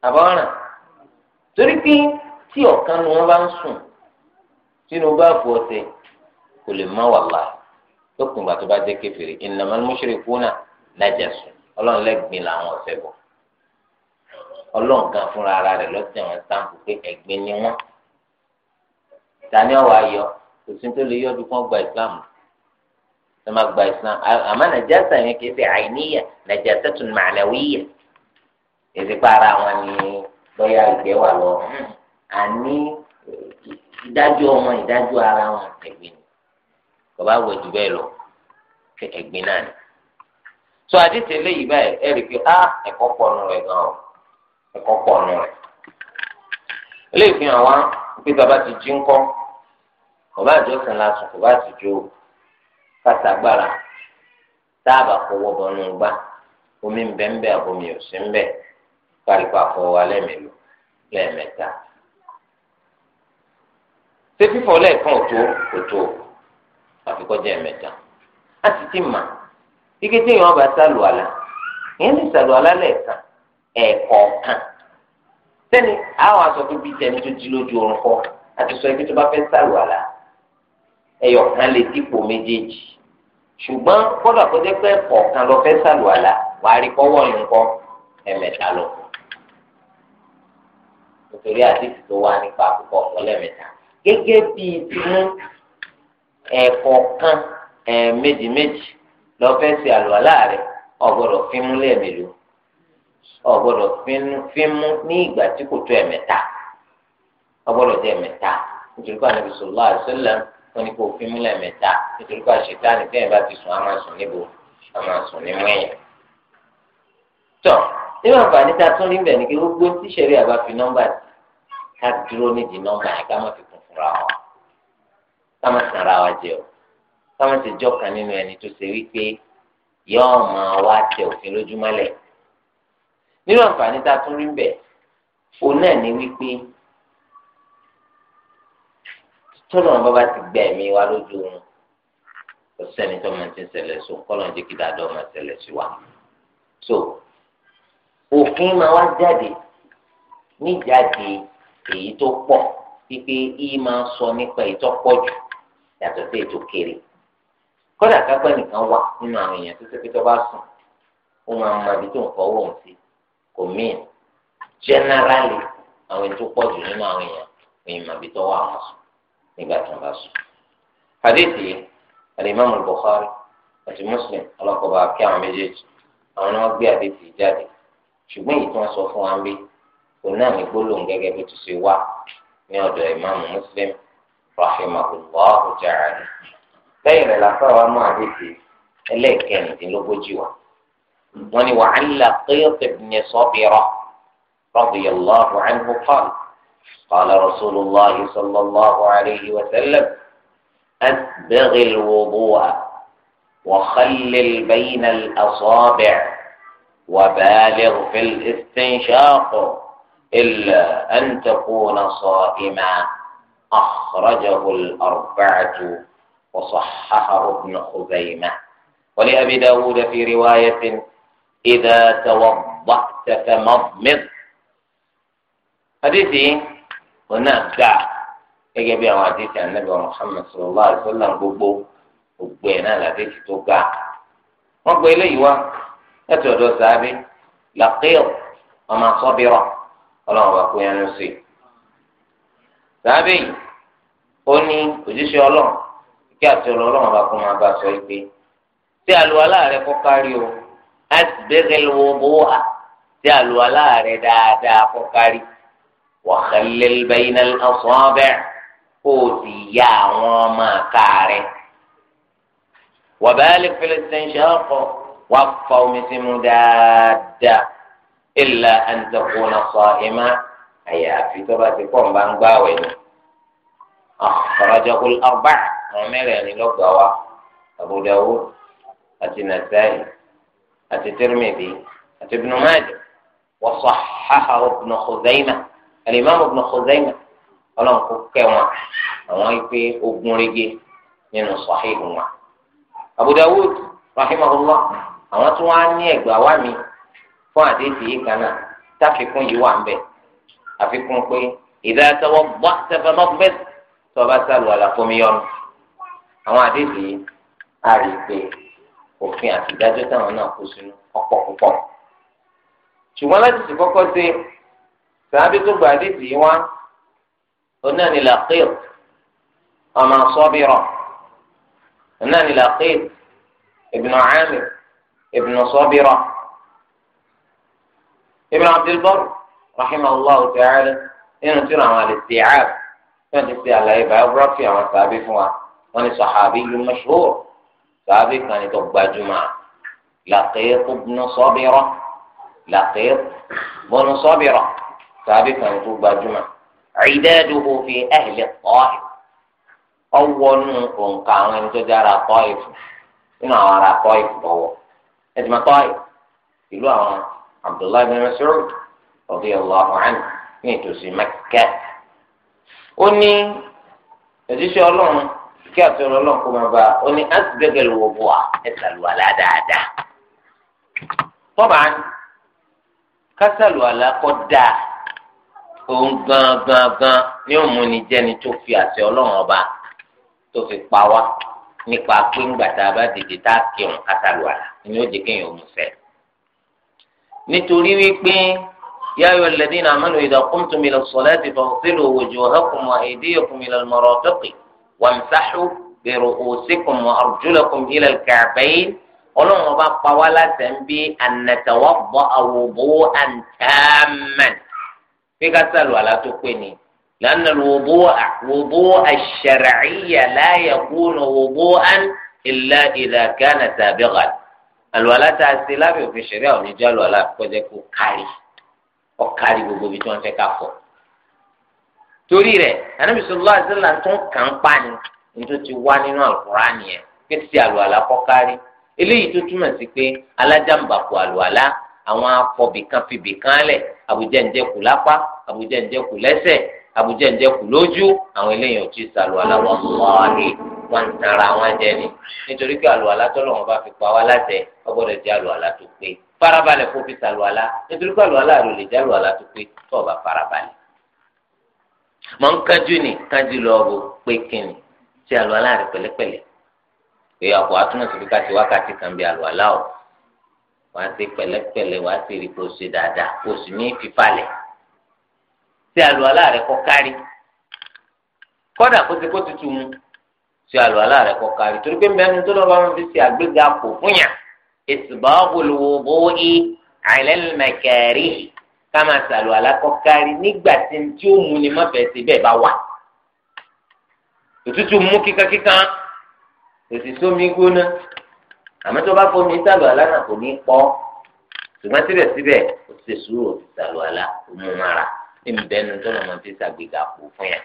àbọ̀ràn torí pé tí ọ̀kan ni wọ́n bá ń sùn tínú bá fọ ọ̀sẹ̀ kò lè má wà láàyè lópin ìgbà tó bá jẹ́ kèfèrí innamal mushrikuna najasun ọlọ́run lẹ́gbin làwọn ọ̀sẹ̀ bọ̀ ọlọ́run gan fúnra ara rẹ̀ lọ́sẹ̀ wọn sáǹpù pé ẹ̀gbin ni wọ́n tani ọ̀wọ́ ayọ̀ kò sí tó lè yọ ọdún kan gba ìsìlámù ẹ máa gba ìsìlámù àmọ́ nàjásà yẹn kì í ṣe àìníyà nàjásà tún màlẹ́wìyà ìsìnkú ara wọn ni bóyá ìgbẹ́ wà lọ àní hmm. ìdájọ́ wọn ìdájọ́ ara wọn ẹ̀gbin ni bàbá wẹ̀ jù bẹ́ẹ̀ lọ kí ẹ̀gbin náà ni. sọ àdìsí eléyìí báyìí ẹ rí i pé á ah, ẹ̀kọ́ pọnù rẹ̀ gan o ẹ̀kọ́ pọnù rẹ̀. eléyìí fi hàn wá pé bàbá ti jí ńkọ́ bàbá àjọsìn lásán bàbá ti jó kàtàgbára táàbà kọwọ́ bọnú gbá omi ń bẹ́ ń bẹ́ àbomi ò sí ń bẹ́ kárípà fọwọ́ alẹ́ mi lò lẹ́ẹ̀mẹ́ta. ṣé fífọ̀ lẹ́ẹ̀kan òtó òtó àfi kọjá ẹ̀mẹ́ta a sì ti mà ike tí èèyàn bá sálù àlà èèyàn lè sálù àlà lẹ́ẹ̀kan ẹ̀ẹ̀kọ̀ọ̀kan sẹ́ni àwọn aṣọ tó bí tẹ̀mí tó di lójú oorun kọ́ àti sọ ibi tó bá fẹ́ sálù àlà ẹ̀yọ̀kan lè dípò méjèèjì ṣùgbọ́n kọ́dà kó jẹ́ pé ẹ̀kọ̀ọ̀kan lọ fẹ́ sálù àlà wàá rí kọ́wọ́ yín kọ́ ẹ̀mẹ́ta lọ nítorí àdìsí tó wá nípa àkókò ọ̀pọ̀ ẹ̀ẹ̀kọ̀ọ̀kan ẹ̀ẹ̀méjì méjì lọ́fẹ́ sí àlùwàlá rẹ̀ ọ̀gbọ́dọ̀ fímú lẹ́ẹ̀mẹ́lò ọ̀gbọ́dọ̀ fímú ní ìgbà tí kò tó ẹ̀mẹ́ta ọ̀gbọ́dọ̀ jẹ́ ẹ̀mẹ́ta nítorí pé ànábi sallallahu alaihi wasallam wọn ni kò fímú lẹ́ẹ̀mẹ́ta nítorí pé àṣetá ni bẹ́ẹ̀ bá ti sùn á máa sùn níbo á máa sùn ní mẹ́yìn. tọ́ nínú àǹfààní tá a tún rí bẹ̀ ni kí gbogbo tíṣẹ̀rí àbá fi nọ́mbà ká dúró nídìí nọ́mbà yẹn ká má fi kún fúnra wọn káma tara wa jẹ o káma ti jọ kan nínú ẹni tó ṣe wípé yọọ máa wá tẹ òfin lójúmọ́lẹ̀ nínú àǹfààní tá a tún rí bẹ òun náà ni wípé tọ́lọ̀ ń bábá ti gbẹ ẹ̀mí wa lójú wọn kò sẹ́ni tó máa ti ń ṣẹlẹ̀ sùn kọ́lọ̀ ń dáadọ́ máa ṣẹlẹ̀ sí wa so òfin máa wá jáde níjáde èyí tó pọ̀ pípé yìí máa sọ nípa èyí jù yàtọ̀ sí ètò kéré kódà kápẹ́ nìkan wà nínú àwọn èèyàn tó sẹ́kẹ́ tó bá sùn ó máa ma ibi tó ń fọwọ́ òun sí kò míì jẹ́nẹ́rálì àwọn èèyàn tó pọ̀ jù nínú àwọn èèyàn Muslim kí àwọn méjèèjì àwọn gbé jáde ṣùgbọ́n èyí tí wọ́n sọ fún wa ń bí òun náà ní gbólóhùn gẹ́gẹ́ ti ṣe wà ní Muslim رحمه الله تعالى لين الأخوة ما عرفت إليك كانت لبجوا وني وعلى قيط بن صبرة رضي الله عنه قال قال رسول الله صلى الله عليه وسلم أسبغ الوضوء وخلل بين الأصابع وبالغ في الاستنشاق إلا أن تكون صائما أخرجه الأربعة وصححه ابن خزيمة ولأبي داود في رواية إذا توضأت فمضمض حديثي هناك دع gẹ́gẹ́ bí àwọn àdéhìí ànábì Muhammad sallallahu alaihi wasallam gbogbo gbogbo ẹ̀ náà làdéhìí tó ga wọ́n gbé eléyìí wá láti ọ̀dọ̀ sàábí làkìl ọmọ asọ́bìrọ̀ ọlọ́run bá kó yẹn ló sí. sàábí yìí ó ní òjíṣẹ́ ọlọ́run kí àti ọlọ́run bá kó máa bá sọ pé tí àlùwalá rẹ kọ́ kárí o láti bẹ́ẹ̀ lọ́wọ́ bó wà tí àlùwalá rẹ dáadáa kọ́ kárí wa khallil bayna al-asabi' kó o sì yá àwọn ọmọ àká rẹ wa baligh fil istinshaq wà fà omi sí mu dáadáa illa an takuna sa'ima àyàfi tó bá ti pọ̀ ń bá ń gbáwẹ̀ ni akhrajahu al-arba'a àwọn mẹ́rẹ̀ẹ̀rin lọ́gbà wa Abu Dawud àti Nasa'i àti Tirmidhi àti Ibn Majah wa sahhahahu Ibn Khuzaymah al-Imam Ibn Khuzaymah ọlọ́nkú kẹwọn àwọn ipe ogun rege nínú sahihu wọn. Abu Dawud rahimahullah àwọn tí wọ́n á ní ẹ̀gbà wá mi fún àdéhìí yìí kan náà táfikún yìí wà ń bẹ̀ àfikún pé idha tawadda'ta faghtasil tó o bá sàlù àlàfómi yọnu àwọn àdéhùn yìí á rí i pé òfin àti ìdájọ́ táwọn náà kó sínú ọ̀pọ̀ púpọ̀ ṣùgbọ́n láti sì kọ́kọ́ ṣe sàábí tó gba àdéhùn yìí wá onáà ní làkìr ọmọ sọ́bìrọ̀ onáà ní làkìr ibnu amir ibnu sọ́bìrọ̀ ibnu abdulbar rahimahullah ta'ala nínú tí ra àwọn àlè tìyàrá. fẹ́ẹ̀ ti ṣe àlàyé biography àwọn sàbí fún wa wọ́n ní sàhábí yìí mashhur sàbí kan ní tó gbajúmọ̀ làkèé Laqit ibn Sabira Laqit ibn Sabira sàbí kan ní tó gbajúmọ̀ idaduhu fi ahli ọwọ́ nù òǹkà àwọn ẹni tó dára Ta'if nínú àwọn ará Ta'if lọ́wọ́ ẹ̀dì máa Ta'if ìlú àwọn Abdullahi bin Mas'ud radiyallahu anhu ní ìtòsí Makkah. ó ní òjíṣẹ́ ọlọ́run kí àtúrò ọlọ́run kó máa bá a ó ní asibẹ́gẹ̀lì wò bọ̀ à ẹ̀ sàlùwàlà dáadáa. tọ́ba kásàlùwàlà kọ́ dáa òun gangan gan ni ó mú ni jẹ́ni tó fi àṣẹ ọlọ́run ọba tó fi pa wá nípa pé ńgbà tá a bá dìde tá a kírun kásàlùwàlà ni ó jẹ́ kéèyàn ó mú ṣẹ. nítorí wípé. يا أيها الذين آمنوا إذا قمتم إلى الصلاة فاغسلوا وجوهكم وأيديكم إلى المرافق وامسحوا برؤوسكم وأرجلكم إلى الكعبين ọlọ́run ọba pa wá láti ń bí ànàtàwọ́ bọ́ àwòbó àǹtàmàn fi ká sàlù àlá tó pé ni lánà wòbó àwòbó àṣàràyà láyà kúnà wòbó àn ilà ìdàgánà tàbí rà àlùwàlá tá a ṣe lábẹ́ òfin ṣẹ̀ríà òní jẹ́ àlùwàlá kọjá kó kárí ọ̀kárí gbogbo ibi tí wọ́n fẹ́ ká fọ̀. torí rẹ̀ Ànábì sallallahu alaihi wasallam tó ń kàn ń pa ni nítorí ti wá nínú Al-Kùránì yẹn pé ti àlùwàlá kọ́ kárí eléyìí tó túmọ̀ sí pé alájàmbàkù àlùwàlá àwọn afọbìkan fìbìkan lẹ̀ àbújá ń jẹ́kù lápá àbújá ń jẹ́kù lẹ́sẹ̀ àbújá ń jẹ́kù lójú àwọn eléyìí ò tí ì sàlùwàlá wọn lọ́ọ̀rì wọn ń tara wọn jẹ ni nítorí pé àlùwàlá tọ́lọ́wọ́n bá fi pa wá láṣẹ ọgbọ́dọ̀ jẹ́ àlùwàlá tó pé farabalẹ̀ kó fi sàlùwàlá nítorí pé àlùwàlá rẹ̀ lè jẹ́ àlùwàlá tó pé tó o bá farabalẹ̀. mọ̀ kájú ni kájú lọ bó pé kíni ṣe àlùwàlá rẹ̀ pẹ̀lẹ́pẹ̀lẹ́ pé ọkọ̀ àtúnà sí kíkà sí wákàtí kan bí àlùwàlá o wàá ṣe pẹ̀lẹ́pẹ̀lẹ́ wàá ṣe rí kó ṣe dáadáa kó sì ní fífalẹ̀ ṣe àlùwàlá rẹ̀ kọ́ kárí kọ́dà kó ti kó tutù mu ṣe àlùwàlá rẹ̀ kọ́ kárí torí pé mẹ́rin tó lọ́ ìsìbáwò lòwò í àìlẹ́lẹ́mẹ̀kẹ́rì ká máa sàlù alákọ̀ọ́kárí nígbà tí n tí ó mú ni má fẹ́ẹ́ sí bẹ́ẹ̀ bá wà. òtútù mú kíkankíkan òsì sómi gbóná àmọ́ tó bá fomi sàlù alá náà kò ní pọ́ ṣùgbọ́n síbẹ̀síbẹ̀ ó ti sùúrù ó ti sàlù alá mú mara níbẹ̀ẹ́nu tó lọ́mọ fi ṣàgbéga kó fún yà.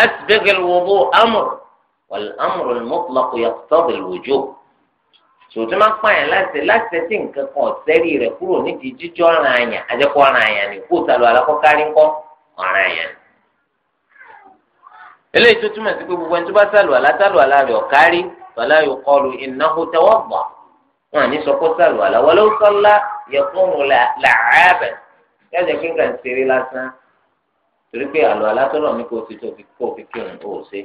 asbẹ́gẹ̀lì wọ́n amúr wàl amúr mọ́tòlá kò yàtọ̀ sòtún máa pààyàn láti láti ṣe nǹkan kan ọ̀sẹ́rì rẹ̀ kúrò nídìí jíjọ́ ara àyàn àjẹkọ́ ara àyàn ni kó sàlù alákọ̀ọ́kárí ńkọ́ ara àyàn ni. eléyìí tó túmọ̀ sí pé gbogbo ẹni tó bá sàlù àlá sàlù àlá rẹ̀ ọ̀kárí wàlá yóò kọlu innahu tawadda wọn àní sọ pé sàlù àlá wọlé ó sọlá yẹkùnrù làábẹ̀ yájẹ kí nǹkan ṣeré lásán torí pé àlọ́ àlá tọ́lọ̀ ní kó fi kó fi kírun ó ṣe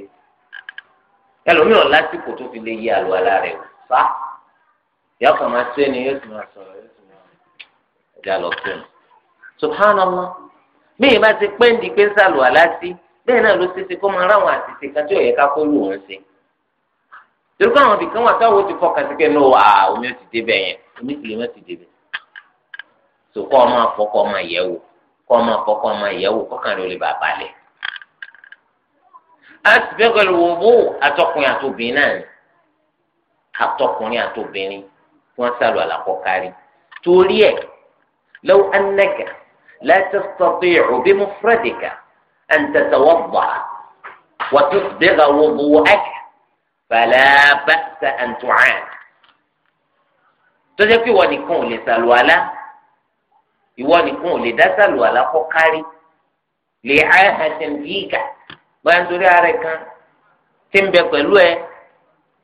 ẹlòmíràn lásìkò tó fi lè ìyá kan máa tẹ́ ni yóò sì máa sọ̀rọ̀ yóò sì máa ẹ̀dá lọ fún un. subhanallah bí yìí bá ti pẹ́ ń di pé ń sàlùwà láti bẹ́ẹ̀ náà ló ṣe ṣe kó máa ráwọn àtìsí kan tí ò yẹ ká kó lù wọ́n ṣe. torí káwọn ibì kan wà táwọn ti fọkàn sí pé ní wà á omi ò ti débẹ̀ yẹn omi kìlẹ̀ má ti débẹ̀. so kọ́ ọmọ àfọkọ́ ọmọ ìyẹ̀wò kọ́ ọmọ àfọkọ́ ọmọ ìyẹ̀wò kọ́kàn ló lè bà balẹ̀. asibẹ́gọ̀lù wo àtọkùnrin àtobìnrin náà ni wọ́n sa lo àlàkọ kárí torí ẹ̀ wọn nìkan law annaka la tastati'u bi won an tatawadda wa tusbigha wudu'aka fala ba'sa an tu'ad tọ́jà pé won nìkan ò lè sálù àlá ìwọ nìkan ò lè dá sálù àlá kọ́ kárí lè gà áhàtẹ̀ fíkà báyìí nítorí ààrẹ kan tí ń bẹ pẹ̀lú ẹ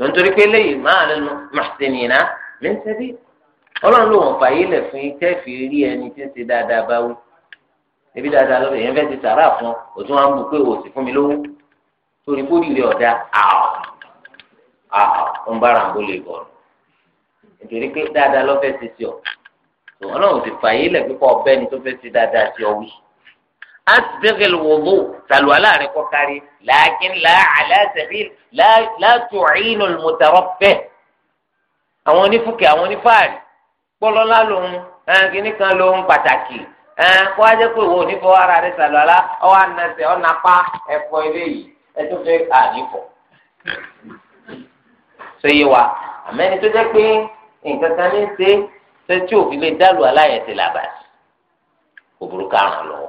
tontori pé léyìí máa lẹnu màsínìínà mi ń sẹbi Ọlọ́run ló wọn fàyè lẹ fún yín tẹ fi rí ẹni tí ń ṣe dáadáa báwí ebi dáadáa lọ èyàn fẹẹ ti sàrà fún o tún wàá mú pé o sì fún mi lówó torí kórìí rẹ ọdá àwọ àwọ ń bára ń bọlẹ bọ nítorí pé dáadáa lọ fẹẹ ti sí ọ Ọlọ́run sì fàyè lẹ pípọ ọbẹ ni tó fẹẹ ti dáadáa sí ọ asibigil wudu saluwala rẹ kọ kari laakin la ala sabil la la tu'inul mutaraffih àwọn onífúkẹ́ àwọn onífàárì kpọlọlá lòun ẹn kìíní kan lòun pàtàkì ẹn kó ajẹ pé wo onífọ ara rẹ saluwala ọwọ anasẹ ọnapa ẹfọ eléyìí ẹtú fẹ ànífọ sọyẹ wa àmẹni tó jẹ pé nǹkan kan ní ṣe ṣe tí òfin lè dálù aláyẹsẹ làbàṣì kò burúkú lọ́wọ́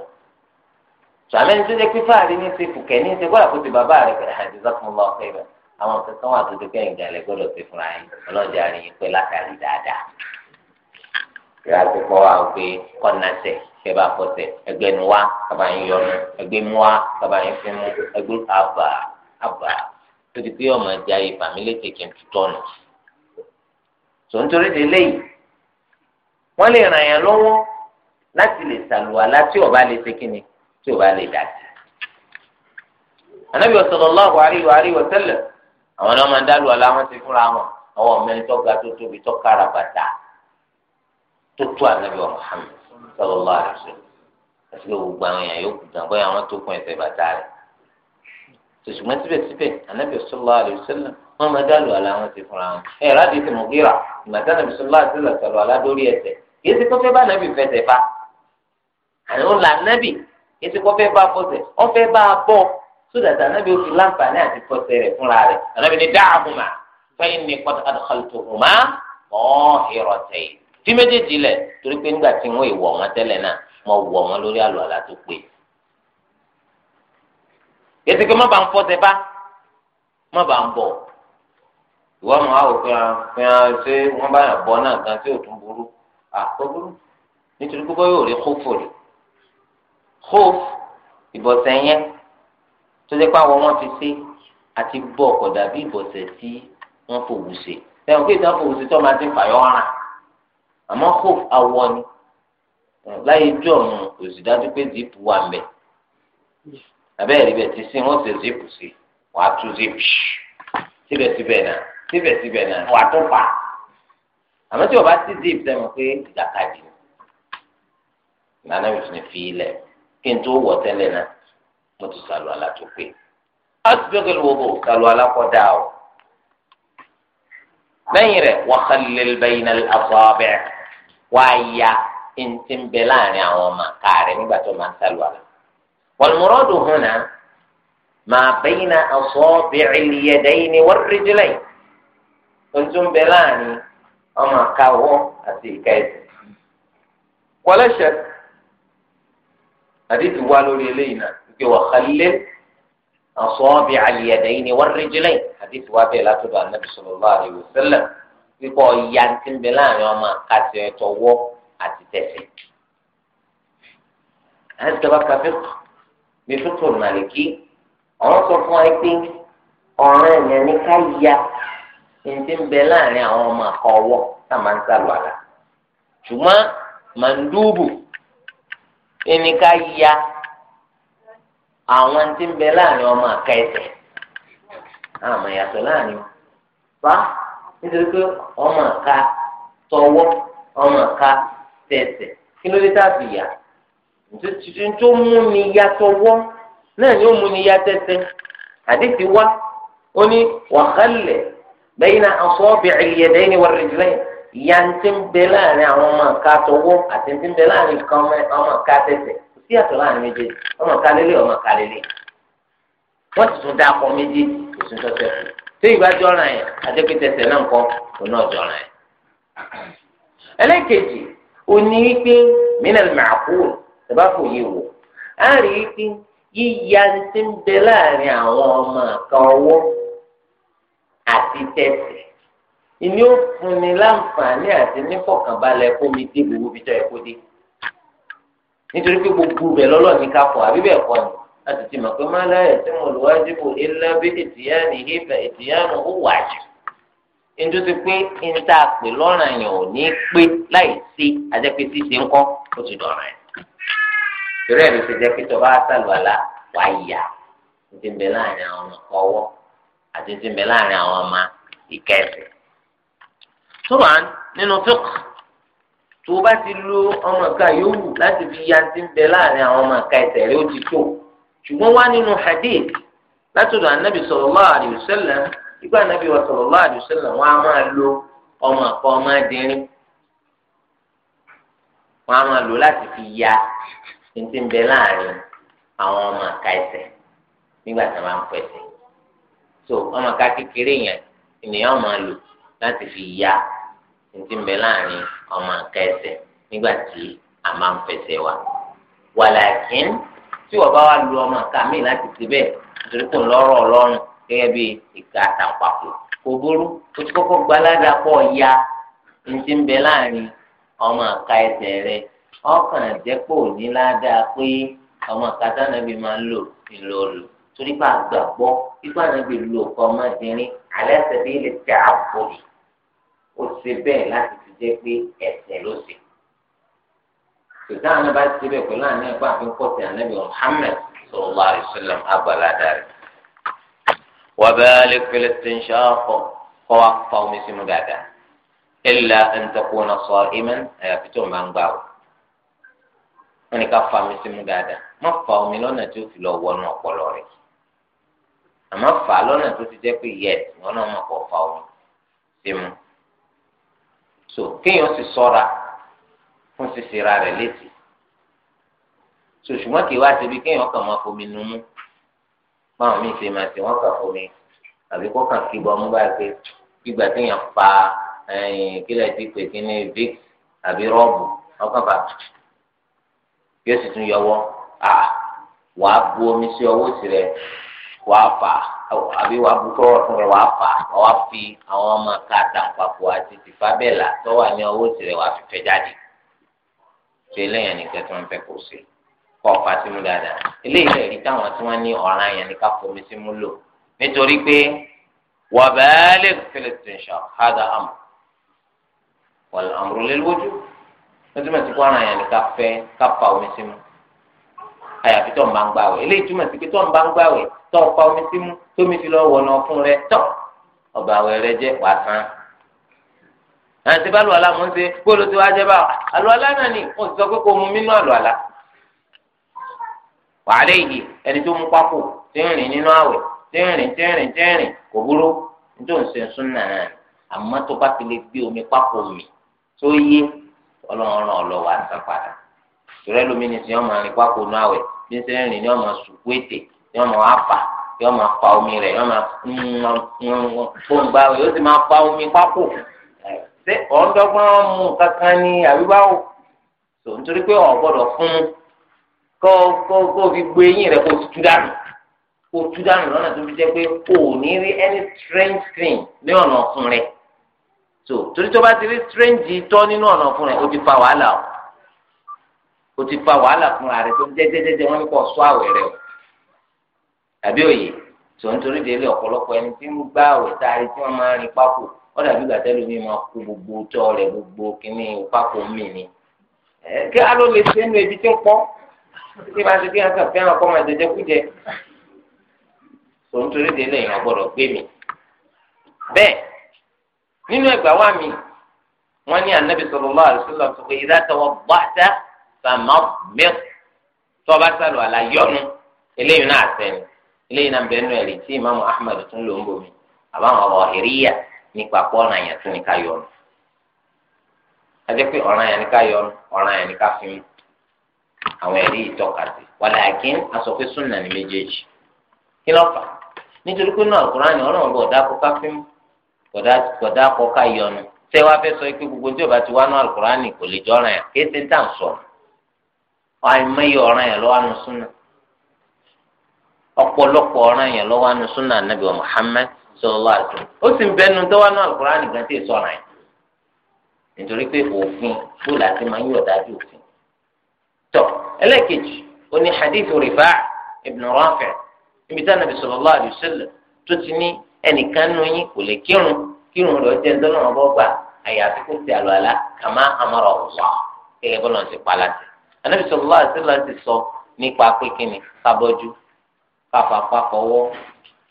sàmẹ́ni tó jẹ́ pé fáàrí ní ti fùkẹ́ ní ti gbọ́dọ̀ kó ti bàbá rẹ̀ kẹ̀rẹ́ jazakumullahu khairan àwọn kankan wà tó ti kẹ́yìn galẹ̀ gbọ́dọ̀ ti fúnra yín ọlọ́jà rẹ̀ yín pé látàrí dáadáa. ìyá ti kọ́ wa pé kọ́nàṣẹ́ ẹ bá fọṣẹ ẹgbẹ́ nu wa kaba yín yọnu ẹgbẹ́ mu wa kaba yín fi mu ẹgbẹ́ àbà àbà tó ti pé ọmọ ẹja yìí fàmílì kèké ń tutọ́ tí o bá lè dàtí. Ànábì sallallahu alaihi wa alihi wa sallam àwọn náà máa ń dálù ọ̀la wọn ti fúnra wọn àwọn ọmọ ẹni tó ga tó tóbi tó kára bàtà tó tó ànábì wa Muhammad sallallahu alaihi wa sallam àti pé gbogbo àwọn èèyàn yóò kú dàn bóyá wọn tó kún ẹsẹ̀ bàtà rẹ̀. Sòṣùgbọ́n síbẹ̀síbẹ̀ ànábì sallallahu alaihi wa wọn máa dálù ọ̀la wọn ti fúnra wọn. Ẹ ètò kọ́ fẹ́ bá fọsẹ̀ ọfẹ́ bá a bọ̀ sódà tí anabi òfin láǹfààní àti fọsẹ̀ rẹ̀ fúnra rẹ̀ anabi ni dáhùnmá fẹ́yìn ní kọ́tà àdàkàlùtòhùnmá ọ̀hìrọ̀tẹ̀ fi méjèèjì lẹ̀ torí pé nígbà tí wọ́n ìwọ̀ wọn tẹ́lẹ̀ náà wọ́n wọ̀ wọn lórí àlọ́ àlá tó pé. ètò kọ́ má bàa ń fọsẹ̀ bá má bàa ń bọ̀ ìwọ ọmọ àwọn òfin àfihàn ṣé wọ́n bá yàn bọ́ náà gan tí ò tún burú àkókò nítorí pé bọ́ yóò rí kófò hof ìbọ̀sẹ̀ yẹn tó dé pàwọ́ wọn fi sí àti bọ́ ọ̀kọ̀ dàbí ìbọ̀sẹ̀ tí wọ́n fòwú ṣe lẹ́yìn pé ìtàn fòwú ṣe tó máa ti fàyọ́ ara àmọ́ hof awọ ni láyé ijó ọ̀run òsìdájú pé zip wà mẹ́ abẹ́rẹ́ ibẹ̀ ti sí wọ́n ṣe zip sí wàá tú zip síbẹ̀síbẹ̀ náà síbẹ̀síbẹ̀ náà wàá tún fà á àmọ́ tí o bá ti zip sẹ́wọ̀n pé ìjàkadì ni ìlànà yóò tún fi ilẹ̀ kí n tó wọ̀ tẹ́lẹ̀ náà mo ti sàlù àlá tó pé asibigil wo bo sàlù àlá kọ́ da o lẹ́yìn rẹ̀ wàhálẹ́lẹ́ bẹ́yìn náà lọ́sọ̀ ọbẹ̀ wàá ya ntí ń bẹ láàrin àwọn ọmọ kàrẹ́ nígbà tó máa sàlù àlá wàlmúrọ́dù hàn náà máa bẹ́yìn náà ọ̀sọ́ bẹ̀rẹ̀ lìyẹ̀dẹ́yìn ni ntí ń bẹ láàrin ọmọ àkàwọ́ àti ìka ẹ̀sìn àdìsí wá lórí eléyìí náà wípé wà khallil asabi'a al-yadayni war-rijlayni àdìsí wá bẹ́ẹ̀ látọ̀dọ̀ ànábì sallallahu alayhi wa sallam wípé ọ̀ya ti ń bẹ láàrin ọmọ àti ẹ̀tọ́wọ́ àti tẹ̀sẹ̀. àti kaba kàfé bí fúnfún màlìkí àwọn sọ fún wa pé ọ̀ràn ẹ̀yàn ní ká ya ti ń bẹ láàrin àwọn ọmọ àkọ́wọ́ tá a máa ń sálọ àlà ṣùgbọ́n màndúbù ẹni ká ya àwọn tí ń bẹ láàrin ọmọ àka ẹsẹ̀ àmọ́ ìyàtọ̀ láàrin fa nítorí pé ọmọ àka tọwọ́ ọmọ àka tẹsẹ̀ kí ló dé yá tuntun tó mú ni ya tọwọ́ náà ni ó mú ya tẹsẹ̀ àdìsí wá ó ní wàhálẹ̀ bẹ́yìn náà ìyá ti ń bẹ láàrin àwọn ọmọ nǹka tọwọ́ àti ti ń bẹ láàrin kan ọmọ nǹka tẹsẹ̀ kò sí àtọ̀ láàrin méjèèjì ọmọ nǹka lélẹ̀ ọmọ nǹka lélẹ̀ wọ́n ti tún dá akọ méjèèjì kò sí tọ́sẹ̀ fún tí ìbá jọra yẹn àdékè tẹsẹ̀ náà kọ́ kò náà jọra yẹn. ẹlẹ́kejì òní wípé mínàlì màkúrò tẹ̀bá fò yí wò á rí wípé yíya ti ń bẹ láàrin àwọn ọmọ nǹka ọwọ́ àti tẹsẹ̀ ìní ó fúnni láǹfààní àti nífọ̀kànbalẹ̀ kómi dé gbogbo bíjọ́ ẹ̀kọ́ dé nítorí pé gbogbo rẹ̀ lọ́lọ́ọ̀ ní ká fọ àbí bẹ́ẹ̀ kọ́ ni láti ti mọ̀ pé má láyé tí mo lò wájú bò ilé bí ìtìyáni ìfẹ ìtìyánu ó wájú nítorí ti pé ń tá a pè lọ́ràn yẹn ò ní pé láì sí ajẹ́pẹ́ ṣe ń kọ́ ó ti dọ̀ràn yẹn torí ẹ̀ ti jẹ́ pé tọba sàlùwàlà wà yà ti ń bẹ láàrin àwọn ọmọ ọwọ́ àti ti ń bẹ láàrin àwọn ọmọ ìkẹsẹ̀ tóbá nínú fiqh tó o bá ti lo ọmọ ìka yòówù láti fi ya ti ń bẹ láàrin àwọn ọmọ ìka ẹsẹ̀ rẹ ó ti tó ṣùgbọ́n wá nínú hadith látọ̀dọ̀ anabi sallallahu alaihi wasallam ìgbà anabi wa sallallahu alaihi wasallam wọn a máa lo ọmọ àkọ́ ọmọ adìrin wọn a máa lò láti fi ya ti bẹ láàrin àwọn ọmọ ìka ẹsẹ̀ nígbà tí wọn bá ń pẹ̀sẹ̀ so ọmọ ìka kékeré yẹn ènìyàn máa lò láti fi ya ti ń bẹ láàrin ọmọ nǹkan ẹsẹ̀ nígbà tí a máa ń fẹsẹ̀ wa. wàlàkín tí wọ́n bá wá lu ọmọ nǹkan mi láti ti bẹ́ẹ̀ nítorí kò lọ́rọ̀ ọlọ́run gẹ́gẹ́ bí ìka àtàǹpàkò kò burú o ti kọ́kọ́ gbalada pọ̀ ya ní ti ń bẹ láàrin ọmọ nǹkan ẹsẹ̀ rẹ ọkàn àjẹpọ̀ ní ládàá pé ọmọ nǹkan tánàbí máa ń lò ńlò lò torí pé àgbàgbọ́ ipá náà bí lu ọkọ ọmọdéní alẹ́ ó ṣe bẹ́ẹ̀ láti fi jẹ́ pé ẹ̀ṣẹ̀ ló ṣe. sùdá àná bá ti bẹ̀ pẹ̀lú àná ẹ̀kọ́ àfi ń kọ́ sí ànábì Muhammad sallallahu alaihi wasallam àgbàládà rẹ̀. wà á bẹ́ẹ̀ lè fẹ́lẹ́ ti ń ṣàkọ́ kọ́ wa fa omi sínú dáadáa. illa an takuna sa'iman àyàfi tó máa ń gbà wò. wọ́n ní ká fa omi sínú dáadáa má fa omi lọ́nà tí ó fi lọ wọnú ọpọlọ rẹ̀. àmọ́ fa lọ́nà tó ti jẹ́ pé yẹ so kéèyàn sì sọ́ra fún ṣíṣe ra rẹ̀ létí so ṣùgbọ́n kì í wá síbi kéèyàn kàn máa fomi nu mú báwọn míì ṣe máa ṣe wọ́n kàn fomi àbí kó kàn kí bọ́mú báyìí pé gbígbà téèyàn pa kílẹ̀ tí pè kí ní vic àbí rọ́ọ̀bù ọkàn bá yóò sì tún yọwọ́ à wàá bu omi sí ọwọ́ sí rẹ̀ wàá fà á àbí wàá bu tọwọ́ fún rẹ̀ wàá fà wàá fi àwọn ọmọ káàtà papọ̀ àti tìfábẹ́là tọ́wọ́ ní ọwọ́ tirẹ̀ wàá fi fẹ́ jáde ṣe eléyàn nìkan tí wọ́n fẹ́ kó ṣe kọ́ ọ̀fà sí mú dáadáa eléyìí lè rí táwọn tí wọ́n ní ọ̀ràn yẹn ní ká fomi sí mú lò nítorí pé wàbẹ́ẹ́lẹ́ fẹlẹ́tìṣà hádà àmù wàlẹ̀ àmúrò lélójú wọ́n túmọ̀ sí kó ọ̀ràn yẹn ní ká fẹ́ ká fa omi sí mú àyàfi tó ń bá ń gbàwẹ̀ eléyìí tọ́ ọpa omi sí mú tómi fi lọ wọ̀nà ọ̀fun rẹ tọ́ ọba àwẹ̀ rẹ jẹ́ wàá àti bá lùwàlà ń ṣe tí wàá bá àlùwàlà náà ni sọ pé kò mú nú àlùwàlà. ẹni tó mú pákó tí ń rìn nínú àwẹ̀ tí ń rìn tí ń rìn tí ń rìn kò nítorí omi pákó mi tó yé ọlọ́run ọlọ́wà sàn padà. ìrẹ́lómi ni ti ọmọ àrìn pákó bí ń ṣe ń rìn yọ mọ apa? yọ mọ apá omi rẹ yọ mọ fóun bá yóò sì máa pa omi pákó ṣé ọ̀ọ́dọ́gbọ́n mu kankan ni àbíbáwò tó nítorí pé ọ̀ gbọ́dọ̀ fún kó kó kó fi gbé eyín rẹ kó tú dànù kó tú dànù lọ́nà tó fi jẹ́ pé kò ní rí any strange thing ní ọ̀nà ọ̀fun rẹ̀ tó torí tó bá ti rí strange tọ́ nínú ọ̀nà ọ̀fun rẹ̀ ó ti fa wàhálà o ó ti fa wàhálà fúnra rẹ̀ tó jẹ́jẹ́jẹ́jẹ́ wọ́n ní kó sọ àwẹ̀ rẹ̀ o àbí òye tó ń torí délé ọ̀pọ̀lọpọ̀ ẹni tí ń gbá àwẹ̀ tá a rí tí wọ́n máa ń rin pákó ó dàbí gbàtẹ́ lómi máa kó gbogbo tọ́ rẹ̀ gbogbo kínní pákó mì ni. kí á lè ṣe nínú ibi tí ń pọ́ tí bá ti fi hàn kàn fẹ́ràn kọ́ máa jẹjẹ kújẹ. tó ń torí délé èèyàn gbọ́dọ̀ gbé mi. bẹ́ẹ̀ nínú ẹgbà wa mi wọ́n ní anabi sallallahu alaihi wasallam sọ pé idha tawadda'ta fàmọ́ mẹ́t tó bá sálọ àlàyọ́nu eléyìí náà sẹ́ni eléyìí náà bẹ́ẹ̀ nù ẹ̀rí tí ìmáàmù ahmed tún ló ń bomi àbáwọn ọ̀rọ̀ ìríyà nípa pọ́ ọ̀ràn yẹn tún ní ká yọnu ajẹ́ pé ọ̀ràn yẹn ní ká yọnu ọ̀ràn yẹn ní ká fi mú àwọn ẹ̀rí ìtọ́ka sí wàlẹ̀ àkín aṣọ pé súnà ní méjèèjì kí ló fà nítorí pé náà kúránì ọlọ́run bọ̀ dáko ká fi mú kọ̀dá kọ́ ká yọnu tẹ́ ọ̀pọ̀lọpọ̀ ọ̀ràn yẹn lọ́wọ́ anu sunna nabi wa Muhammad sallallahu alaihi wasallam O sì ń bẹnu tó wà ní alukóra nìkan tí èso ọ̀ràn yẹn nítorí pé òfin fúlà àti máa ń yọ̀ dájú òfin. tọ́ ẹlẹ́ẹ̀kejì ó ní hadith ibn rafi' níbi tí anabi sallallahu alaihi wasallam tó ti ní ẹnìkan nù yín kò lè kírun kírun sọ nípa pé kíni káfa pápọwọ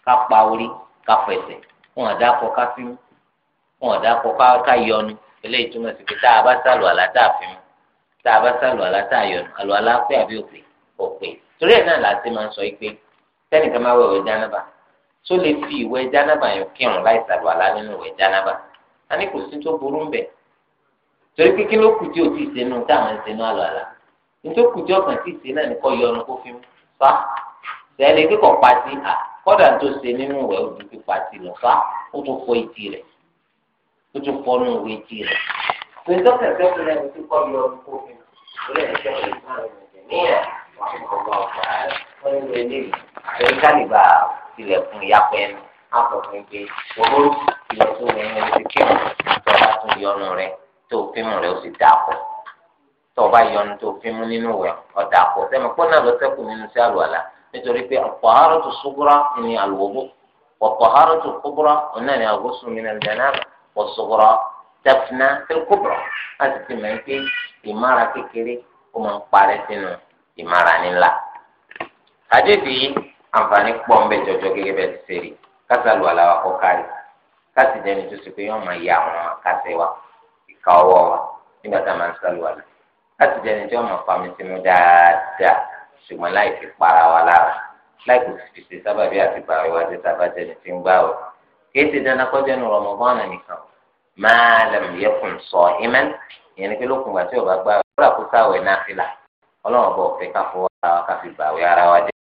kápá orí káfẹsẹ̀ wọn àdàkọ káfímù wọn àdàkọ káyọnu eléyìí túmọ̀ sí pé tá a bá sàlù àlátà àfimú tá a bá sàlù àlátà àyọnu àlù alápẹ àbí òpè òpè torí ẹ̀ náà láti máa ń sọ pé tẹnìkan máa wẹ̀wẹ̀ jánábà tó lè fi ìwẹ̀ jánábà yẹn kírun láì sàlù àlá nínú ìwẹ̀ jánábà a ní kò sí tó burú ń bẹ torí pé kí ló kù tí o ti ṣe nù táwọn ń ṣe nù àlù àlá nítorí kù tí ọkàn ti ṣe náà ní kọ́ yọnu kó fi mú fa tẹ́lẹ̀ kíkọ̀ pati à kọ́dà tó ṣe nínú rẹ̀ ojú fi pati lọ fa ó tún fọ etí rẹ̀ ó tún fọ nù wọ etí rẹ̀. tòótọ́ kẹ̀kẹ́ fún ẹni tí kọ́ lọ kó fi lórí ẹ̀kẹ́ fún ìgbà rẹ̀ níyà wọ́n ti kọ́ bá ọ̀gá rẹ̀ wọ́n ní ilé ìwé kálíbà tilẹ̀kùn ìyapẹ́ ẹnu àkọ́kọ́ pé owó ilẹ̀ tó rẹ̀ ẹni ti kí wọn tó bá tún yọnu rẹ̀ tó fíìmù rẹ̀ ó sì dà tó bá yọnu tó fíìmù nínú rẹ̀ ọ̀dà pọ̀ sẹ́mi pọ́nà lọ́sẹ̀kù nínú sí àlùwàlà nítorí pé at-taharatu sughra ni al-wudu wat-taharatu kubra ọ̀nà ni al-ghuslu min al-janaba was-sughra tafna fil-kubra láti fi mọ̀ pé ìmára kékeré ó máa ń parẹ́ sínú ìmára nílá. àdébì àǹfààní pọ̀ ń bẹ jọjọ gẹ́gẹ́ bẹ́ẹ̀ ti ṣe rí kásálù aláwa kọ́ kárí káàsì jẹ́ni tó ṣe pé yọ́n máa ya àwọn akásẹ̀ wa ìka ọwọ́ wa nígbà tá a máa ń sálù àlà káàsì tó máa fa mi sínú dáadáa ṣùgbọ́n láì fi para wa lára láì kò sì fi ṣe sábàbí àti bàrẹ̀ wá sí sábàjẹ́ ni ti ń gbà wọ̀ kéèsì dáná kọjá nu Ramadan nìkan máa lẹ́mu yẹkùn sọ ìmẹ́ ìyẹn ni pé lókun gbà tí ò bá gbà wọ́n rà kó sáwẹ̀ náà fi là ọlọ́run ọba ọ̀fẹ́ ká wa ká fi bàwẹ̀ ara wa dé.